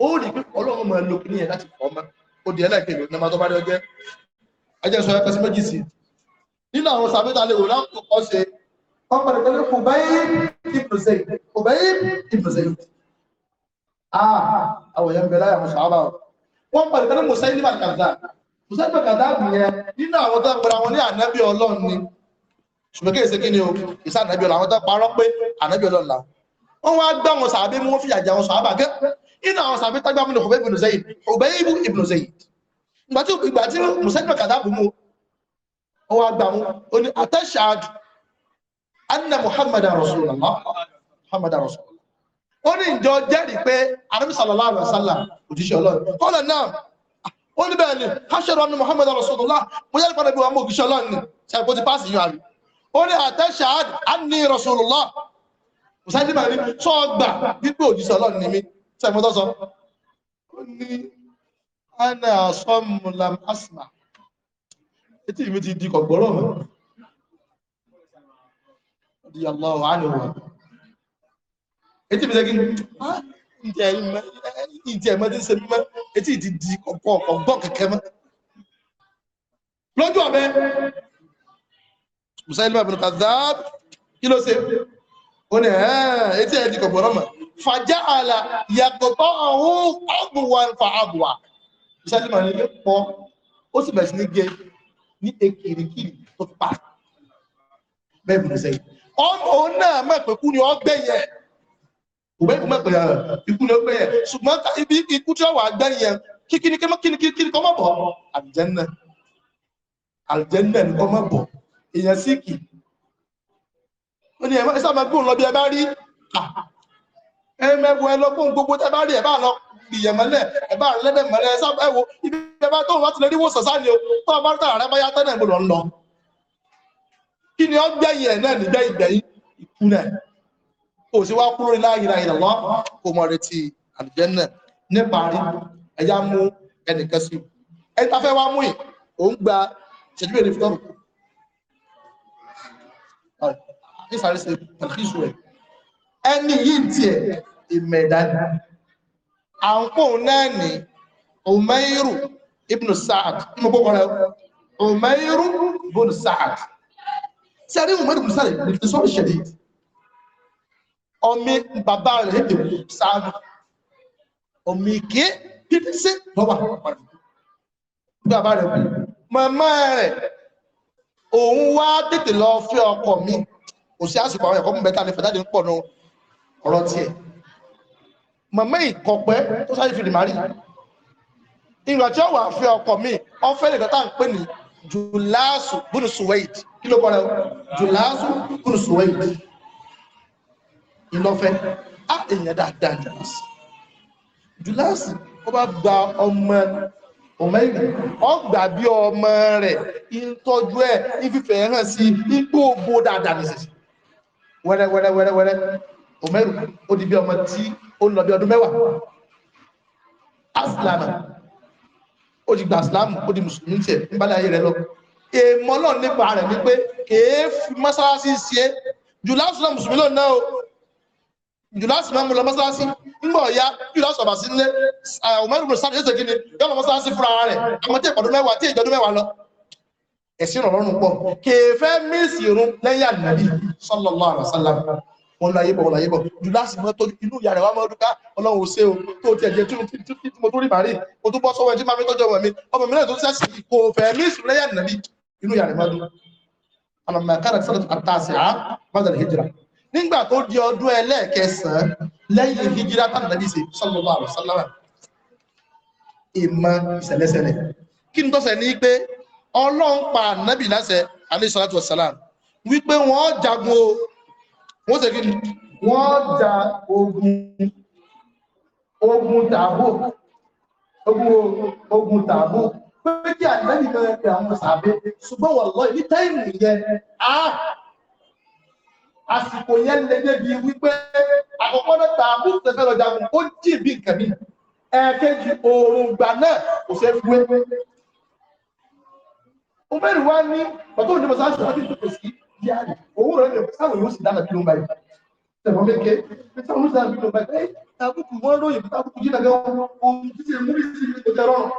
ó rí pé ọlọ́run mọ̀ ló kí ní ẹ̀ láti fọ́ ọmọ ó di ẹlẹ́ẹ̀kejì ní ọmọ tó bá rí ọjẹ́ ẹjẹ́ sọ ẹ̀kọ́ sí méjì sí nínú àwọn sàbẹ́tà lè wò láǹkó kọ́ ṣe ọkùnrin pẹ̀lú kò bá yé ìbùsẹ̀ kò bá yé ìbùsẹ̀ àwọn èèyàn bẹ̀rẹ̀ àwọn sàábà wọn pẹ̀lú pẹ̀lú mùsẹ̀ nígbà kàdá mùsẹ̀ nígbà kàdá nìyẹn nínú àwọn tó ń pẹ̀lú àwọn ní ànábì ọlọ́run ni ṣùgbọ́n kí èsì kí ni o ìsá ànábì ọlọ́run àwọn tó parọ́ pé ànábì ọlọ́run làwọn wọn wá gbá wọn sàábé mú wọn àwọn sàábà gẹ́ inú àwọn sàbí tágbà mú ní Hubayb ibn Zayd Hubayb ibn Zayd ìgbà tí ìgbà tí mùsẹ́lẹ̀ kàdábù mú ó wá gbà mú ó ní atashhadu anna muhammadan rasulullah muhammadan rasulullah ó ní ìjọ jẹ́rìí pé Ànábì sallallahu alaihi wasallam òjíṣẹ́ ọlọ́run kọ́lẹ̀ náà ó ní bẹ́ẹ̀ ni ashhadu anna muhammadan rasulullah mo jẹ́rìí padà bí wàá mú òjíṣẹ́ ọlọ́run ni sẹ́kó ti pàṣẹ yóò àrí sẹ́gun tó sọ ó ní ana asọ́mulam asma etí mi ti di kọ̀gbọ́rọ̀ mọ́ di Allahu anhu etí mi sẹ́gun ìjẹ́ ẹ̀mọ́ tí ń ṣe mímọ́ etí ti di ọ̀pọ̀ ọ̀gbọ́ kẹ̀kẹ́ mọ́ lójú ọ̀bẹ musailima bin kadhab kí ló ṣe ó ní etí ẹ̀ di kọ̀gbọ̀rọ̀ mọ̀ fàjá àlà yàgbọ̀gbọ́ ọ̀hún ọ̀bùwà ń fa àbùwà ìṣẹ́lẹ̀ mọ̀ ní ilé pọ̀ ó sì bẹ̀rẹ̀ sí ní gé ní ekirikiri tó pa bẹ́ẹ̀ bùrẹ̀ sẹ́yìn òun náà mọ̀ pé kú ni ó gbẹ̀yẹ òwe kò mọ̀ pé ikú ni ó gbẹ̀yẹ ṣùgbọ́n ibi ikú tí ó wà gbẹ̀yẹ kíkiri kíkiri kọ́ mọ̀ bọ̀ àlìjẹ́nà àlìjẹ́nà ni kọ́ mọ̀ bọ̀ èèyàn síkì ó ní ẹ̀mọ́ ìsàmọ́ gbóhùn lọ bí ẹ bá rí ah, ah. ẹ̀mẹ́wò ẹ lọ gbóhùn gbogbo tẹ bá rí ẹ bá lọ ìyẹ̀ mọ́lẹ̀ ẹ bá rẹ lẹ́dẹ̀ mọ́lẹ̀ ẹ wo ibi ẹ bá tóun bá ti lè rí wòsàn sáà ni o tó o bá rí tààrà bá yá tẹ́lẹ̀ mo lọ ń lọ kí ni ó gbẹ̀yìn ẹ̀ náà nígbẹ́ ìgbẹ̀yìn ikú náà kò sí wá kúrò ní láàyè láàyè lọ́wọ́ kò mọ̀ retí àlùjẹ́nà níparí ẹ̀yà mú ẹnìkan sí ẹni tá fẹ́ wá mú ì òun gba ìṣẹ́jú èdè fúlọ́rù kù ìsàrí ṣe tàkìṣù ẹ̀ ẹni yìí tiẹ̀ ìmọ̀ ẹ̀dá ni à ń pò náà ní Umairu ibn Sa'ad mo bọ́ kọ́ra Umairu ibn Sa'ad sẹ́rí Umairu ibn Sa'ad ní sọ́ọ̀rọ̀ ṣẹlẹ̀ ọmọ bàbá rẹ̀ èdè sáàmù ọmọ ìké títí sí lọ́wọ́ àwọn bàbá rẹ̀ màmá rẹ̀ òun wá tètè lọ fẹ́ ọkọ mi kò sí àsùpà àwọn ẹ̀kọ́ mú bẹ́tà ní fẹ̀jáde ń pọ̀ nù ọ̀rọ̀ tiẹ̀ màmá ìkọ̀pẹ́ tó sáyé fi rìmárì ìgbà tí ó wà fẹ́ ọkọ mi ọfẹ́ nìkan tá à ń pè ní jùlásù bùnú suwaid kí ló kọ́ rẹ̀ jùlásù bùnú suwaid ìlọ́fẹ́ á èèyàn dáadáa jùlásù jùlásù ó bá gba ọmọ ọmọlẹ́yìn ọgbà bí ọmọ rẹ̀ ń tọ́jú ẹ̀ ń fífẹ́ hàn sí ipò ògbó dáadáa nìṣẹ̀ṣẹ̀ wẹ́rẹ́wẹ́rẹ́wẹ́rẹ́ Umaru ó di bí ọmọ tí ó ń lọ bí ọdún mẹ́wàá aslam ó ti gba aslam ó di mùsùlùmí tiẹ̀ ń balẹ̀ ayé rẹ lọ èèmọ́ náà nípa rẹ̀ ni pé kèé fi mọ́sálásí ṣe jùlásùn náà mùsùlùmí lónìí náà o jùlásùn náà mo lọ mọ́sálásì ńgbọ̀ ya jùlásùn ọ̀bà sí nílé Umaru sábẹ̀ ṣèṣe kí ni yọ̀ọ́ lọ mọ́sálásì fúnra rẹ̀ àwọn tí ìpàdún mẹ́wàá tí ìjọdún mẹ́wàá lọ ẹ̀sìn ọlọ́run pọ̀ kèfẹ́ mísì irun lẹ́yìn ànàbí sallallahu alaihi wasallam wọn láyé bọ̀ wọn láyé bọ̀ jù láti mọ́ tó inú ìyá rẹ̀ wá mọ́ dúkà ọlọ́run ṣe o tó ti ẹ̀jẹ̀ tún tí mo tó rí màrí o tó bọ́ sọ́wọ́ ẹjí máa fi tọ́jú ọmọ mi ọmọ mi náà tó sẹ́sì kò fẹ́ mísì lẹ́yìn ànàbí inú ìyá rẹ̀ mọ́ dúkà alàmà kára sọ́dọ̀ àtàṣe á mọ́tàlì hijira nígbà tó di ọdún ẹlẹ́ẹ̀kẹsàn-án lẹ́yìn hijira tàbí ṣe sallallahu alaihi wasallam ìmọ̀ ìṣẹ̀lẹ̀ṣẹ̀lẹ̀ kí ni tọ́sẹ̀ ní pé ọlọ́run pa ànábì láṣẹ alayhi salatu wassalam wípé wọ́n jagun o wọ́n ṣe kí wọ́n ja ogun ogun tààbò ogun ogun tààbò pé kí ànábì kan pe àwọn sàbẹ ṣùgbọ́n wallahi ní táìmù yẹn á àsìkò yẹn lè débi wípé àkọ́kọ́ náà tààbò tẹ̀fẹ́ lọ jagun ó jì bí nǹkan mi ẹ̀ẹ́kejì náà kò ṣe é fúwé Umeru wá ní ọ̀tọ́ òní mọ̀sá ṣe láti ìtòkè sí yáàrì. Owó rẹ̀ lè sáwọn yóò sì dára bí ló ń báyìí. Tẹ̀wọ́n méke, pété àwọn oníṣẹ́ àbí ló ń báyìí. Ẹ tàbùkù wọ́n lóyè pé tàbùkù jí dàgbẹ́ wọn ohun tí ṣe mú bí sí ìlú jẹ rọrùn.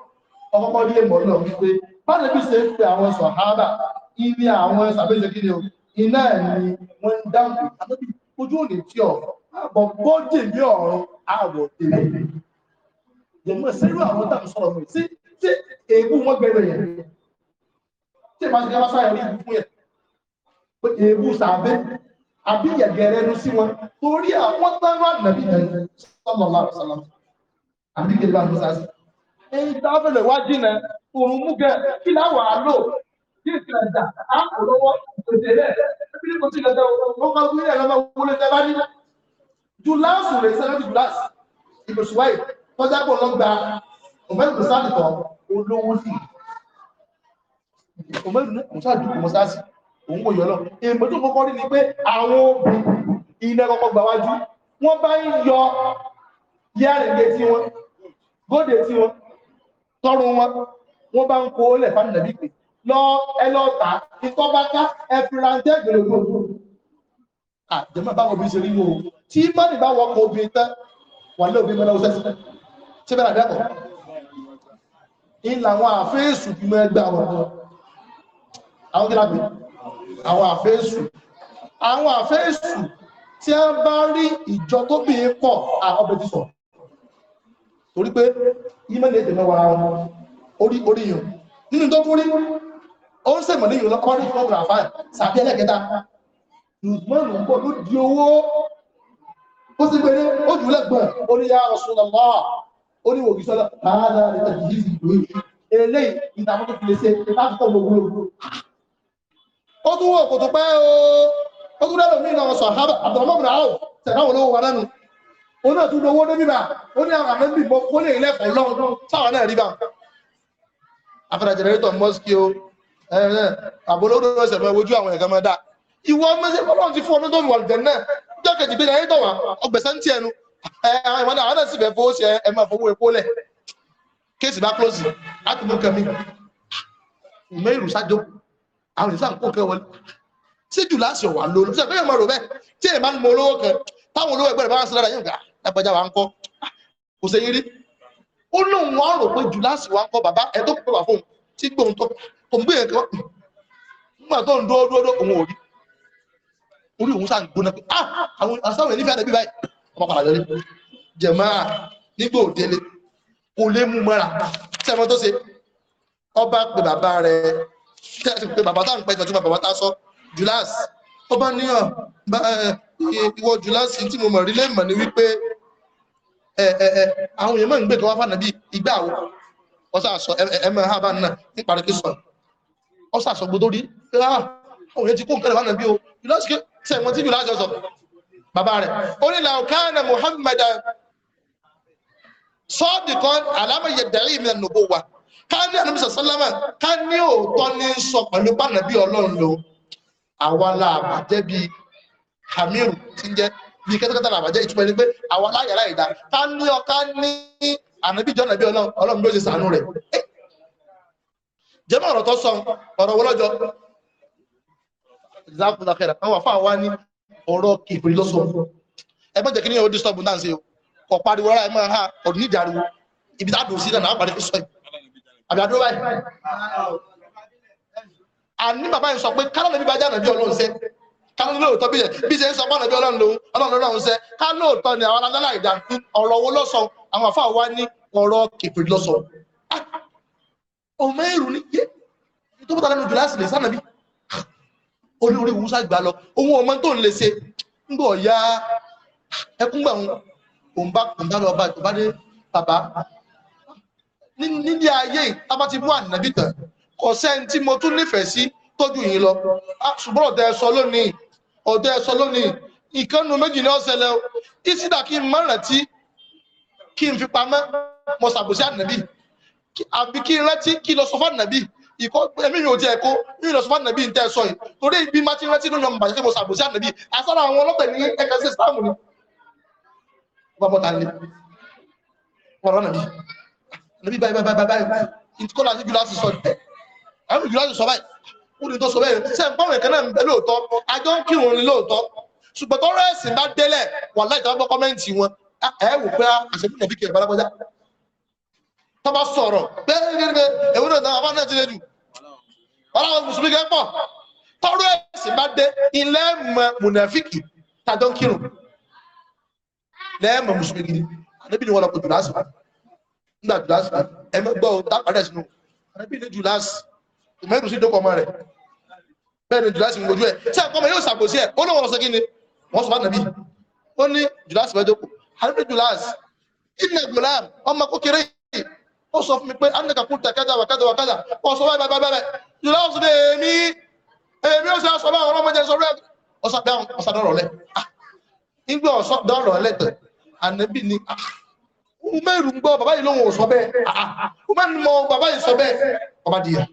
Ọkọ̀kọ́ ní èmọ̀ náà wípé báyìí bí ṣe ń pe àwọn sọ̀hábà ibi àwọn sàbẹ̀sẹ̀ kí ni o iná ni wọ́n ń dáhùn àtọ́bí ojú òní tí ọ̀rọ̀ àbọ̀ bọ́dì ní ọ̀rọ̀ àwọ̀ tèmi. Jẹ̀mọ́ sẹ́rù àwọn táà ń sọ̀rọ̀ mọ̀ sí ṣé èébú wọn tí ìbá ti gbẹ́bá sáyọ̀ ní ìbùkún yẹ̀ pé èébú sàbẹ́ àbí yẹ̀gẹ̀rẹ̀ ẹnu sí wọn torí àwọn tánrà nàbí ẹ̀yìn sọ́lọ̀ láàrọ̀ sọ́lọ̀ àbí kí ìbá musa sí ẹ̀yìn tá a fẹ́lẹ̀ wá jìnà òun mú gẹ kí láwọ̀ á lò kí ìtìlẹ̀ dà á kò lọ́wọ́ òṣèlè rẹ̀ ẹbí ní kò tí ìlẹ̀ dẹ̀wọ̀ wọ́n kọ́ gbé ẹ̀rọ wọlé tẹ bá nílẹ̀ jùláàsù rẹ̀ sẹ́lẹ̀ ti jùláàsù ìbùsùwáì òmẹ́rù náà mùsá dùkú mọ́sá sí òun kò yọlọ ìmọ̀jú kọ́kọ́ rí ni pé àwọn obìnrin iná kọ́kọ́ gbà wájú wọ́n bá ń yọ yẹ́rìndé tí wọ́n góòdè tí wọ́n tọrùn wọn wọ́n bá ń kó lẹ̀ fáwọn nàbí pé lọ ẹ lọ tà ìtọ́ bá ká ẹ fi ráńtẹ́ gbèrègbè o tí mọ́nì bá wọ́n kọ obìnrin tán wà ní obìnrin mọ́nà ọ̀sẹ̀ sílẹ̀ bí mọ́ ẹgbẹ́ àwọn ọ̀dọ́ àwọn gíláàgbé àwọn àfẹ́sù àwọn àfẹ́sù tí a bá rí ìjọ tó bí pọ̀ ọbẹ̀ ti sọ torí pé ìmẹ́lẹ̀ èdè mẹ́wàá wọn orí orí yàn nínú tó kú rí ó ń sèmọ̀ ní ìlú lọ́kọ́rí fọ́gbà àfáà sàbí ẹlẹ́kẹta lùsmọ́nù ń bọ̀ ló di owó ó sì pé ní ó jù lẹ́gbọ̀n ó ní yára sọ́nà mọ́ ó ní ògì sọ́nà bàbá rẹ̀ tàbí yìí sì lóyún eléyìí fi lè ṣe láti tọ́ gbogbo ó tún wọ́n kò tó pẹ́ o ó tún lẹ́lò mí náà sọ̀hábà àbdọ̀mọ́bìnrin àwọ̀ tẹ̀lá wọn lówó wa lẹ́nu ó náà tún lówó débìbà ó ní àwọn àmẹ́bì bọ́ kó lè ilẹ̀ pẹ̀lú ọdún sáwọn náà rí bá afẹ́rẹ́ jẹnẹrétọ̀ mọ́síkì o àbólódó ẹsẹ̀ mọ́ ojú àwọn ẹ̀gẹ́ mọ́ dá ìwọ mẹ́sẹ̀ fọlọ́n ti fún ọdún tó wà lùdẹ̀ náà jọ́ kejì bí jẹnẹrétọ̀ wà ọgbẹ̀sẹ̀ ń tiẹ̀ nu àwọn náà sì bẹ̀ fowó ṣe ẹ close láti mú kẹmí ìmọ̀ ìrùsájókòó àwọn ìsìláàmù kó kẹ́ wọlé sí jù láti ọ̀wà lónìí sí ẹ̀fẹ́ ìmọ̀ràn bẹ́ẹ̀ tí èèmà ń mọ olówó kan táwọn olówó ẹgbẹ́ rẹ̀ bá ń sílára yóò gà lágbàjá wa ń kọ́ kò ṣe yín rí ó lóun wọn rò pé jù láti wa ń kọ́ bàbá ẹ̀ tó kọ́ bàbá fóun tí gbóhun tó kò ń gbìyànjú kan nígbà tó ń dúró dúró òun ò orí òun sáà ń gbóná pé ah àwọn asáwọn ènìyàn fẹ́ẹ́ báyìí ọmọ padà lórí jẹ̀máà nígbà òdele kò lè mú mọ́ra sẹ́wọ́n tó ṣe ọba pé bàbá rẹ̀ tẹ́ ẹ ti pé bàbá tá à ń pẹ́ ìtọ́jú bàbá tá a sọ Julius ó bá níyàn ah, ìwọ Julius tí mo mọ̀ rí lè mọ̀ ní wípé àwọn èèyàn máa ń gbé kan wá fànà bí ìgbà àwọn ọ̀sà àṣọ ẹ̀mẹ̀ àbá náà ní pàrọ̀kì sọ ọ̀sà àṣọ gbọdọ̀ rí ah, àwọn èèyàn ti kó nǹkan fànà bí o Julius ké sẹ́wọ̀n tí Julius sọ bàbá rẹ̀ ó ní làókàánà Muhammad sọ́ọ̀dì kan alámọ̀yẹ̀dẹ̀rí mi nà nùbọ̀ wa ká ní àdúgbò sàlámà ká ní òótọ́ ní sọ pẹ̀lú pànàbí ọlọ́run lò àwa làbà jẹ́ bíi hamiru ti ń jẹ́ bíi kẹ́tẹ́kẹ́tẹ́ làbà jẹ́ ìtumọ̀ ẹni pé àwa láyàrá ìdá ká ní ọ ká ní ànábì jọ́nà bí ọlọ́run ló ṣe sànú rẹ̀ jẹ́mọ̀ ọ̀rọ̀ tó sọ ọ̀rọ̀ wọlọ́jọ́ ìzákùnlákẹ́rà àwọn àfáà wá ní ọ̀rọ̀ kìfìrí ló ha ọ̀dún nídìí ariwo ibi tá a dùn àbíàdúró báyìí àní bàbá yìí sọ pé kálọ̀ níbi bàjẹ́ ànàbí ọlọ́run ṣe kálọ̀ níbi òótọ́ bí yẹn bí ṣe ń sọ pé ànàbí ọlọ́run lòun ọlọ́run lòun ṣe kálọ̀ òótọ́ ni àwọn aládàlá ìdá ọ̀rọ̀ owó lọ́sọ̀ àwọn àfa wa ní ọ̀rọ̀ kẹfẹ́ lọ́sọ̀ ah! ọmọ ẹrù ni yé tó bọ́ta lẹ́nu jùlá sílẹ̀ sánàbí orí wúsá gbà lọ ohun ọmọ tó ń lè ṣe ń bọ̀ ya ẹkúngbà òun bá lọ bá dé bàbá nílé ayé tábà ti mú ànábì tán kò sẹ́ni tí mo tún nífẹ̀ẹ́ sí tójú yìí lọ ṣùgbọ́n ọ̀tẹ̀ ẹ̀sọ lónìí ọ̀tẹ̀ ẹ̀sọ lónìí ìkànnù méjì ni ó ṣẹlẹ̀ o ìsìdá kí n mọ̀ rántí kí n fi pamọ́ mo ṣàbòsí ànábì àbí kí n rántí kí n lọ sọ fún ànábì ìkọ́ ẹ̀mí yóò jẹ́ ẹ̀kọ́ yóò lọ sọ fún ànábì ń tẹ́ sọ yìí torí ibi má ti rántí ló yan bàjẹ́ mo ṣàbòsí ànábì àsára àwọn ọlọ́tẹ̀ ní ẹ̀ka sí ìsìlámù ni. ọba ẹ̀lẹ́bí báyìí báyìí báyìí báyìí báyìí tí kò láti jù láti sọ tẹ̀ àwọn jù láti sọ báyìí ó lè tó sọ bẹ́ẹ̀ ṣe ń pọ́nrẹ̀ kan náà ń bẹ lóòótọ́ àjọ ń kírun ní lóòótọ́ ṣùgbọ́n tọ́rọ ẹ̀sìn bá délẹ̀ wà láì tọ́ bọ́ kọ́mẹ́ǹtì wọn ẹ̀ wò pé àṣẹbí nàbí kìí balagbaja tó bá sọ̀rọ̀ gbẹ́gbẹ́gbẹ́ èwo náà náà wà náà ti lè dù ọlọ́run mùsùlùmí kẹ́ pọ̀ tọ́rọ ẹ̀sìn bá dé ilé mọ̀ mùnàfíkì tàjọ ń kírun lẹ́ẹ̀mọ̀ mùsùlùmí gidi àdébìnrin wọn lọ kò jù lásìkò nígbà jùlásì ẹ mẹ́gbọ́ ohun tápàdé sínú àbí ní jùlásì mẹ́rù sí dókọ̀ọ́mọ́ rẹ̀ bẹ́ẹ̀ ni jùlásì ń gojú ẹ̀ tí àkọ́mọ yóò ṣàkóso ẹ̀ ó lọ́wọ́ sọ kí ni wọ́n sọ bá nàbí ó ní jùlásì fẹ́ dókò àbí jùlásì ìnà gbòlá ọmọ kékeré yìí ó sọ fún mi pé anaka kú ta kẹta wàkàtà wàkàtà ó sọ báyìí báyìí báyìí jùlásì ní èmi èmi ó sọ sọ báwọn ọmọdé sọ rẹ ọsàdọrọ lẹ umeru gbọ́ bàbá yìí lóhun sọ bẹ́ẹ̀ ah, ah. umeru mọ bàbá yìí sọ bẹ́ẹ̀ ọba dìyà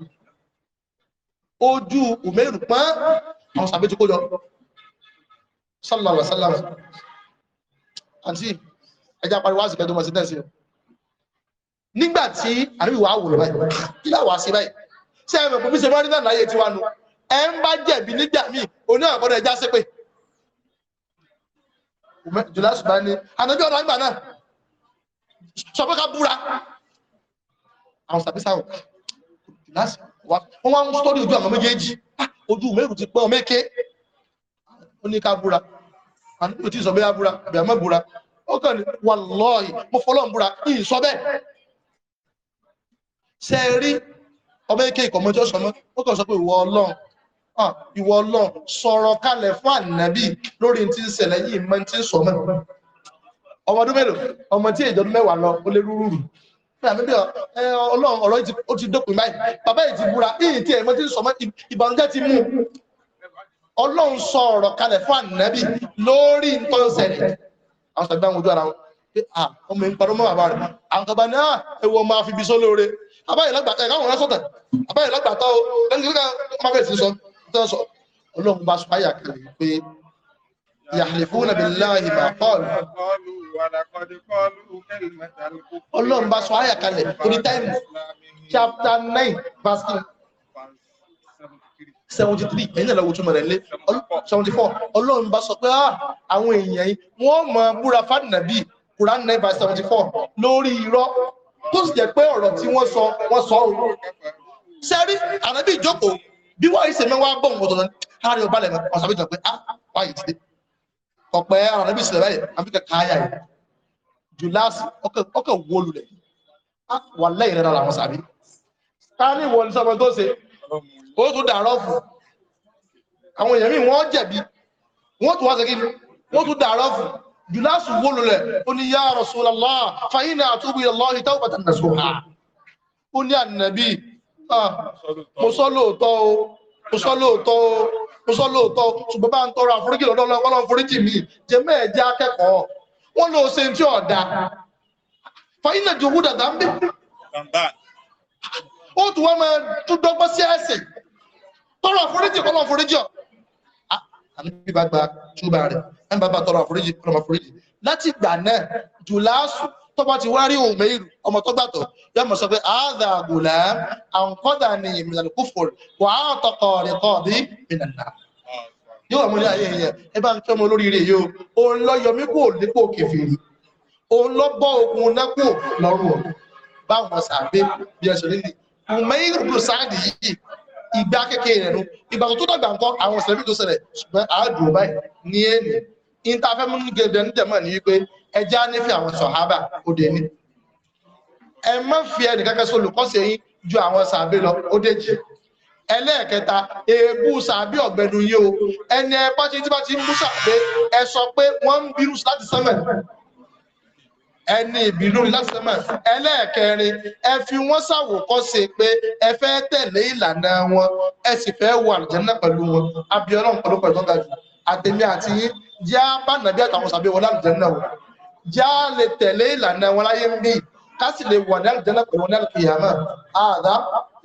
ojú umeru pọ́n àwọn sàbẹ́ tí kó yọ sallàlá sallàlá àti ẹja pariwo àti ìbẹ̀dùn mọ̀sí tẹ́sí nígbà tí àríwí wàá wò lọ báyìí kí láwà sí báyìí ṣé ẹ̀mẹ̀ kò fi ṣe mọ́rí náà láyé tí wà nù ẹ̀ sí pé jùlá sọ pé ká búra àwọn sàbísà ọ̀ká láti wà wọ́n wá ń sọ́rí ojú àwọn méjèèjì ojú mẹ́rù ti pẹ́ ọmẹ́kẹ́ ó ní ká búra àti tí sọ bẹ́yà búra bẹ̀rẹ̀ mọ́ búra ó kàn ní wà lọ́ọ̀yì mo fọlọ́n búra yìí sọ bẹ́ẹ̀ ṣe rí ọmẹ́kẹ́ ìkọ̀mọ́ tí ó sọmọ́ ó kàn sọ pé ìwọ ọlọ́run ìwọ ọlọ́run sọ̀rọ̀ kalẹ̀ fún ànábì lórí ti ń ṣẹlẹ̀ yìí mọ́ ti ń sọmọ́ ọmọ ọdún mẹ́rin ọmọ tí èdè ọdún mẹ́wàá lọ ó lé rúrúrú ọlọ́run ọ̀rọ̀ ó ti dópin báyìí bàbá yìí ti búra yìí tí ẹ̀mọ́ ti ń sọmọ́ ìbànújẹ́ ti mú ọlọ́run sọ ọ̀rọ̀ kalẹ̀ fún ànábì lórí ntọ́nsẹ̀lẹ̀ àwọn sàgbà àwọn ojú ara wọn pé à ọmọ ń parọ́ mọ́ bàbá rẹ̀ àwọn kan bá ní à ẹwọ máa fi bí sọ lóore àbáyé lágbàtà ẹ̀ káwọn lọ́sọ̀tà àbáyé lágbàtà ó يحلفون بالله ما قالوا ọlọ́run bá sọ ayà kalẹ̀ torí táìmù chapter nine verse seventy three ẹ̀yìn náà lọ́wọ́ túmọ̀ rẹ̀ lé seventy four ọlọ́run bá sọ pé ah, àwọn èèyàn yìí wọ́n mọ̀ búra fàdínàbí Quran nine verse seventy four lórí irọ́ tó sì jẹ́ pé ọ̀rọ̀ tí wọ́n sọ wọ́n sọ ọ́ sẹ́rí ànábì ìjókòó bí wọ́n ṣe mẹ́wàá bọ̀ ń wọ́n tọ̀nà ara rẹ̀ ò balẹ̀ ọ̀sán bí jọ pé ah wáyé ti dé kọ̀pẹ́ ara níbi ìṣẹ̀lẹ̀ báyìí àfikẹ́ káyà yìí jùláàsì ọkẹ̀ wó lulẹ̀ wà lẹ́yìn rẹ̀ làwọn sàbí ká ní ìwọ̀n sọmọ tó ṣe ó tún dàárọ̀ fún àwọn èèyàn míì wọ́n jẹ̀bi wọ́n tún wá ṣe kí ni wọ́n tún dàárọ̀ fún jùláàsì wó ó ní yá Rasulullah fa inna atubu ila Allahi tawbatan ó ní ànàbí ah, mo mo sọ lóòótọ́ o mo sọ lóòótọ́ ṣùgbọ́n bá ń tọrọ àforíjì lọ́dọ̀ ọlọ́run foríjì mi jẹ́ mẹ́ẹ̀ẹ́jẹ́ akẹ́kọ̀ọ́ wọ́n lọ ṣe tí ọ̀dà fàyínà jòwú dàdà ń bí ó tún wọ́n máa tún dọ́gbọ́n sí ẹ̀sìn tọrọ àforíjì kọ́ lọ́n foríjì ọ̀ ah, àmì bá gba túbà rẹ̀ ẹni bá bá tọrọ àforíjì kọ́ lọ́n foríjì láti ìgbà náà jùlásù tó bá ti wá rí ohun mẹ́rù ọmọ tó gbàtọ̀ yọ mọ̀ sọ pé àádà àgùlá àǹkọ́dà ni ìmìlànà kúfòrò wà á tọkọ rẹ̀kọ́ bí ìnànà yóò wà mú ní ayé yẹn ẹ bá ń tẹ́ ọmọ olóríire yìí o òun lọ yọmí kò nípò kẹfìrí òun lọ bọ́ okun nápò lọ́rùn ọ̀hún báwọn sàbẹ̀ bí ẹsẹ̀ nílì ọmọyìn rúdò sáàdì yìí ìgbà kékeré nu ìgbà tó dàgbà ńkọ́ àwọn sẹ̀lẹ̀ tó ṣẹlẹ̀ ṣùgbọ́n àádùn báyìí ní ẹ̀nì ìntàfẹ́mú gẹ̀dẹ̀ ní jẹ̀mọ́ ní wípé ẹjá nífẹ̀ẹ́ àwọn sọ̀hábà ó dé ní ẹ má fi ẹnì kankan sí olùkọ́sẹ̀ yín ju àwọn sàbí lọ ó dé jì ẹlẹ́ẹ̀kẹta èébú sàbí ọ̀gbẹ́nu yìí o ẹni ẹ bá ti bá ti ń bú sàbí ẹ sọ pé wọ́n ń bínú láti sánmà ẹni ìbínú láti sánmà ẹlẹ́ẹ̀kẹrin ẹ fi wọ́n ṣàwòkọ́ṣe pé ẹ fẹ́ tẹ̀lé ìlànà wọn ẹ sì fẹ́ wọ àlùjánnà pẹ̀lú wọn abiyọ́lọ́run pẹ̀lú pẹ̀lú tó ga jù àtẹ̀mí àti yín yá bá nàbí àtàwọn sàbí wọn lálùjánnà wọn. já lè tẹ̀lé ìlànà wọn láyé ń bí kásì lè wà ní àlùjánnà pẹ̀lú ní àlùkìyàmá àdá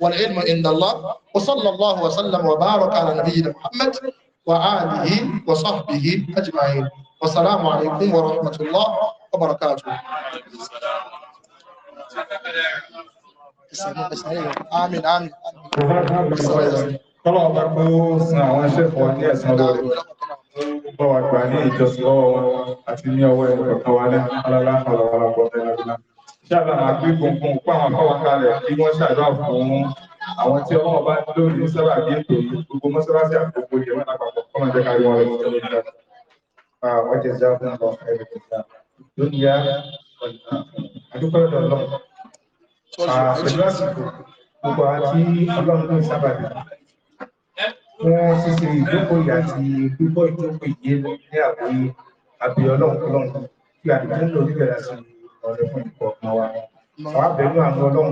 wal ilmu inda Allah wa sallallahu wa sallam wa baraka ala nabiyyina Muhammad wa alihi wa sahbihi ajma'in wa salamu alaikum wa rahmatullah wa barakatuh آمين آمين, آمين. kọ́lọ̀ ọba pé ó san àwọn akẹ́kọ̀ọ́ ní ẹ̀san lórí bọ́ wa gbà ní ìjọsìn lọ́wọ́ wọn àti ní ọwọ́ ẹni kọ̀ọ̀kan wa náà alálá ọ̀làwọ̀lá bọ̀dẹ̀ lọ́dúnlá ṣáàlà máa gbé gbogbo pé àwọn akọ́wọ́ kalẹ̀ kí wọ́n ṣàdúrà fún àwọn tí ọlọ́wọ́ bá lórí sábà bí ètò yìí gbogbo mọ́sálásí àgbègbè yẹn wọn àpapọ̀ kọ́nà jẹ́ kárí wọn lọ́wọ́ lórí ìjà wọ́n jẹ́ ìjà fún ọ ẹ̀rọ ìjà lónìí yá àdúgbò ọ̀dọ̀ lọ́wọ́ àṣẹ lásìkò gbogbo àti ọlọ́run ló ń sábà dì fún ṣíṣe ìjókòó yìí àti gbígbọ́ ìjókòó yìí ní àgbáyé àbí ọlọ́run kọlọ́run kí àdìgbò ló ní bẹ̀rẹ̀ sí ọ̀rẹ́ fún ìkọ̀ ọ̀kan wa wàá bẹ̀rù àwọn ọlọ́run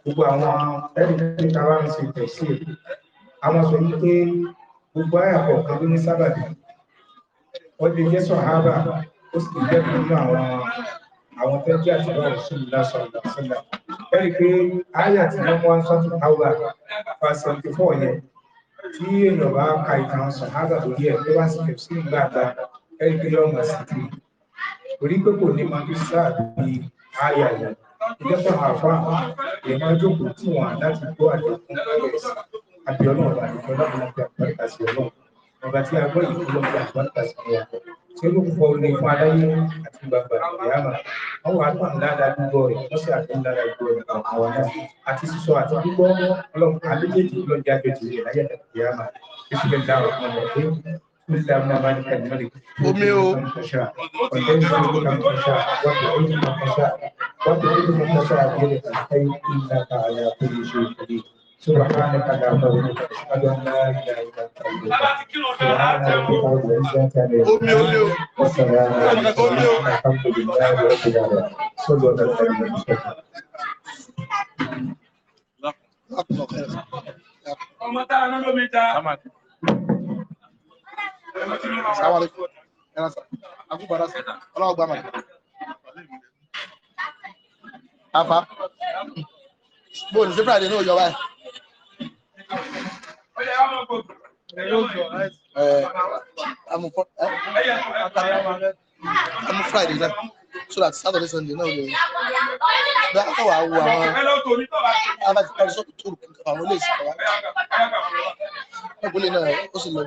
gbogbo àwọn ẹ̀rí tí ta bá ń ṣe tẹ̀sí ẹ̀ àwọn sọ wípé gbogbo àyà kọ̀ọ̀kan ló ní sábàbí wọ́n ti jẹ́ sọ̀hábà ó sì jẹ́ nínú àwọn àwọn tó jẹ́ àtìlọ́ òṣèlú lásán ìdásílẹ̀ ẹ̀rí pé àyà tí wọ́n mú wá sọ́tún táwà fásitì fọ́ yẹn tí èèyàn bá ka ìtàn sọ̀hádà lórí ẹ̀ tó bá sì kẹ̀ sí ìgbà àgbà ẹ̀ríkì lọ́mọ sí ti orí pé kò ní máa tó sáà bí àyà yẹn ìjọba àfa èèyàn jókòó tí wọn láti gbọ́ àdéhùn ẹ̀sìn àbí ọlọ́run àdéhùn ọlọ́run àti àpẹẹrẹ àti ọlọ́run ọba tí a gbọ́ yìí ló fi àgbàǹkà sí ya tí ó kọ ní fún aláyé àti gbàgbà ìyáàmà ọwọ́ àtọ̀ ńláda gbígbọ́ rẹ̀ wọ́n sì àti ńláda gbígbọ́ rẹ̀ àwọn wa náà àti sísọ àti gbígbọ́ ọlọ́run àlejèjì ló ń jẹ́ àjọjì rẹ̀ láyé àti ìyáàmà tí ó fi dá ọ̀rọ̀ ọmọ rẹ̀ Omi o. Omi o. Assalamualaikum. Aku Apa? bóòlù sí friday ní òjọba ẹ̀ amu friday náà so that saturday sunday náà lè bí a kọ́ wàá wo àwọn aláàbí paris ọ̀tún tó rùkú àwọn olè ìsìnkú wa ọ̀gbọ́n náà ó sì man.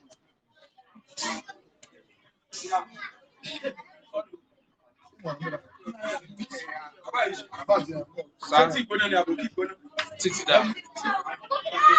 Sabe? Sai, sai, sai, sai,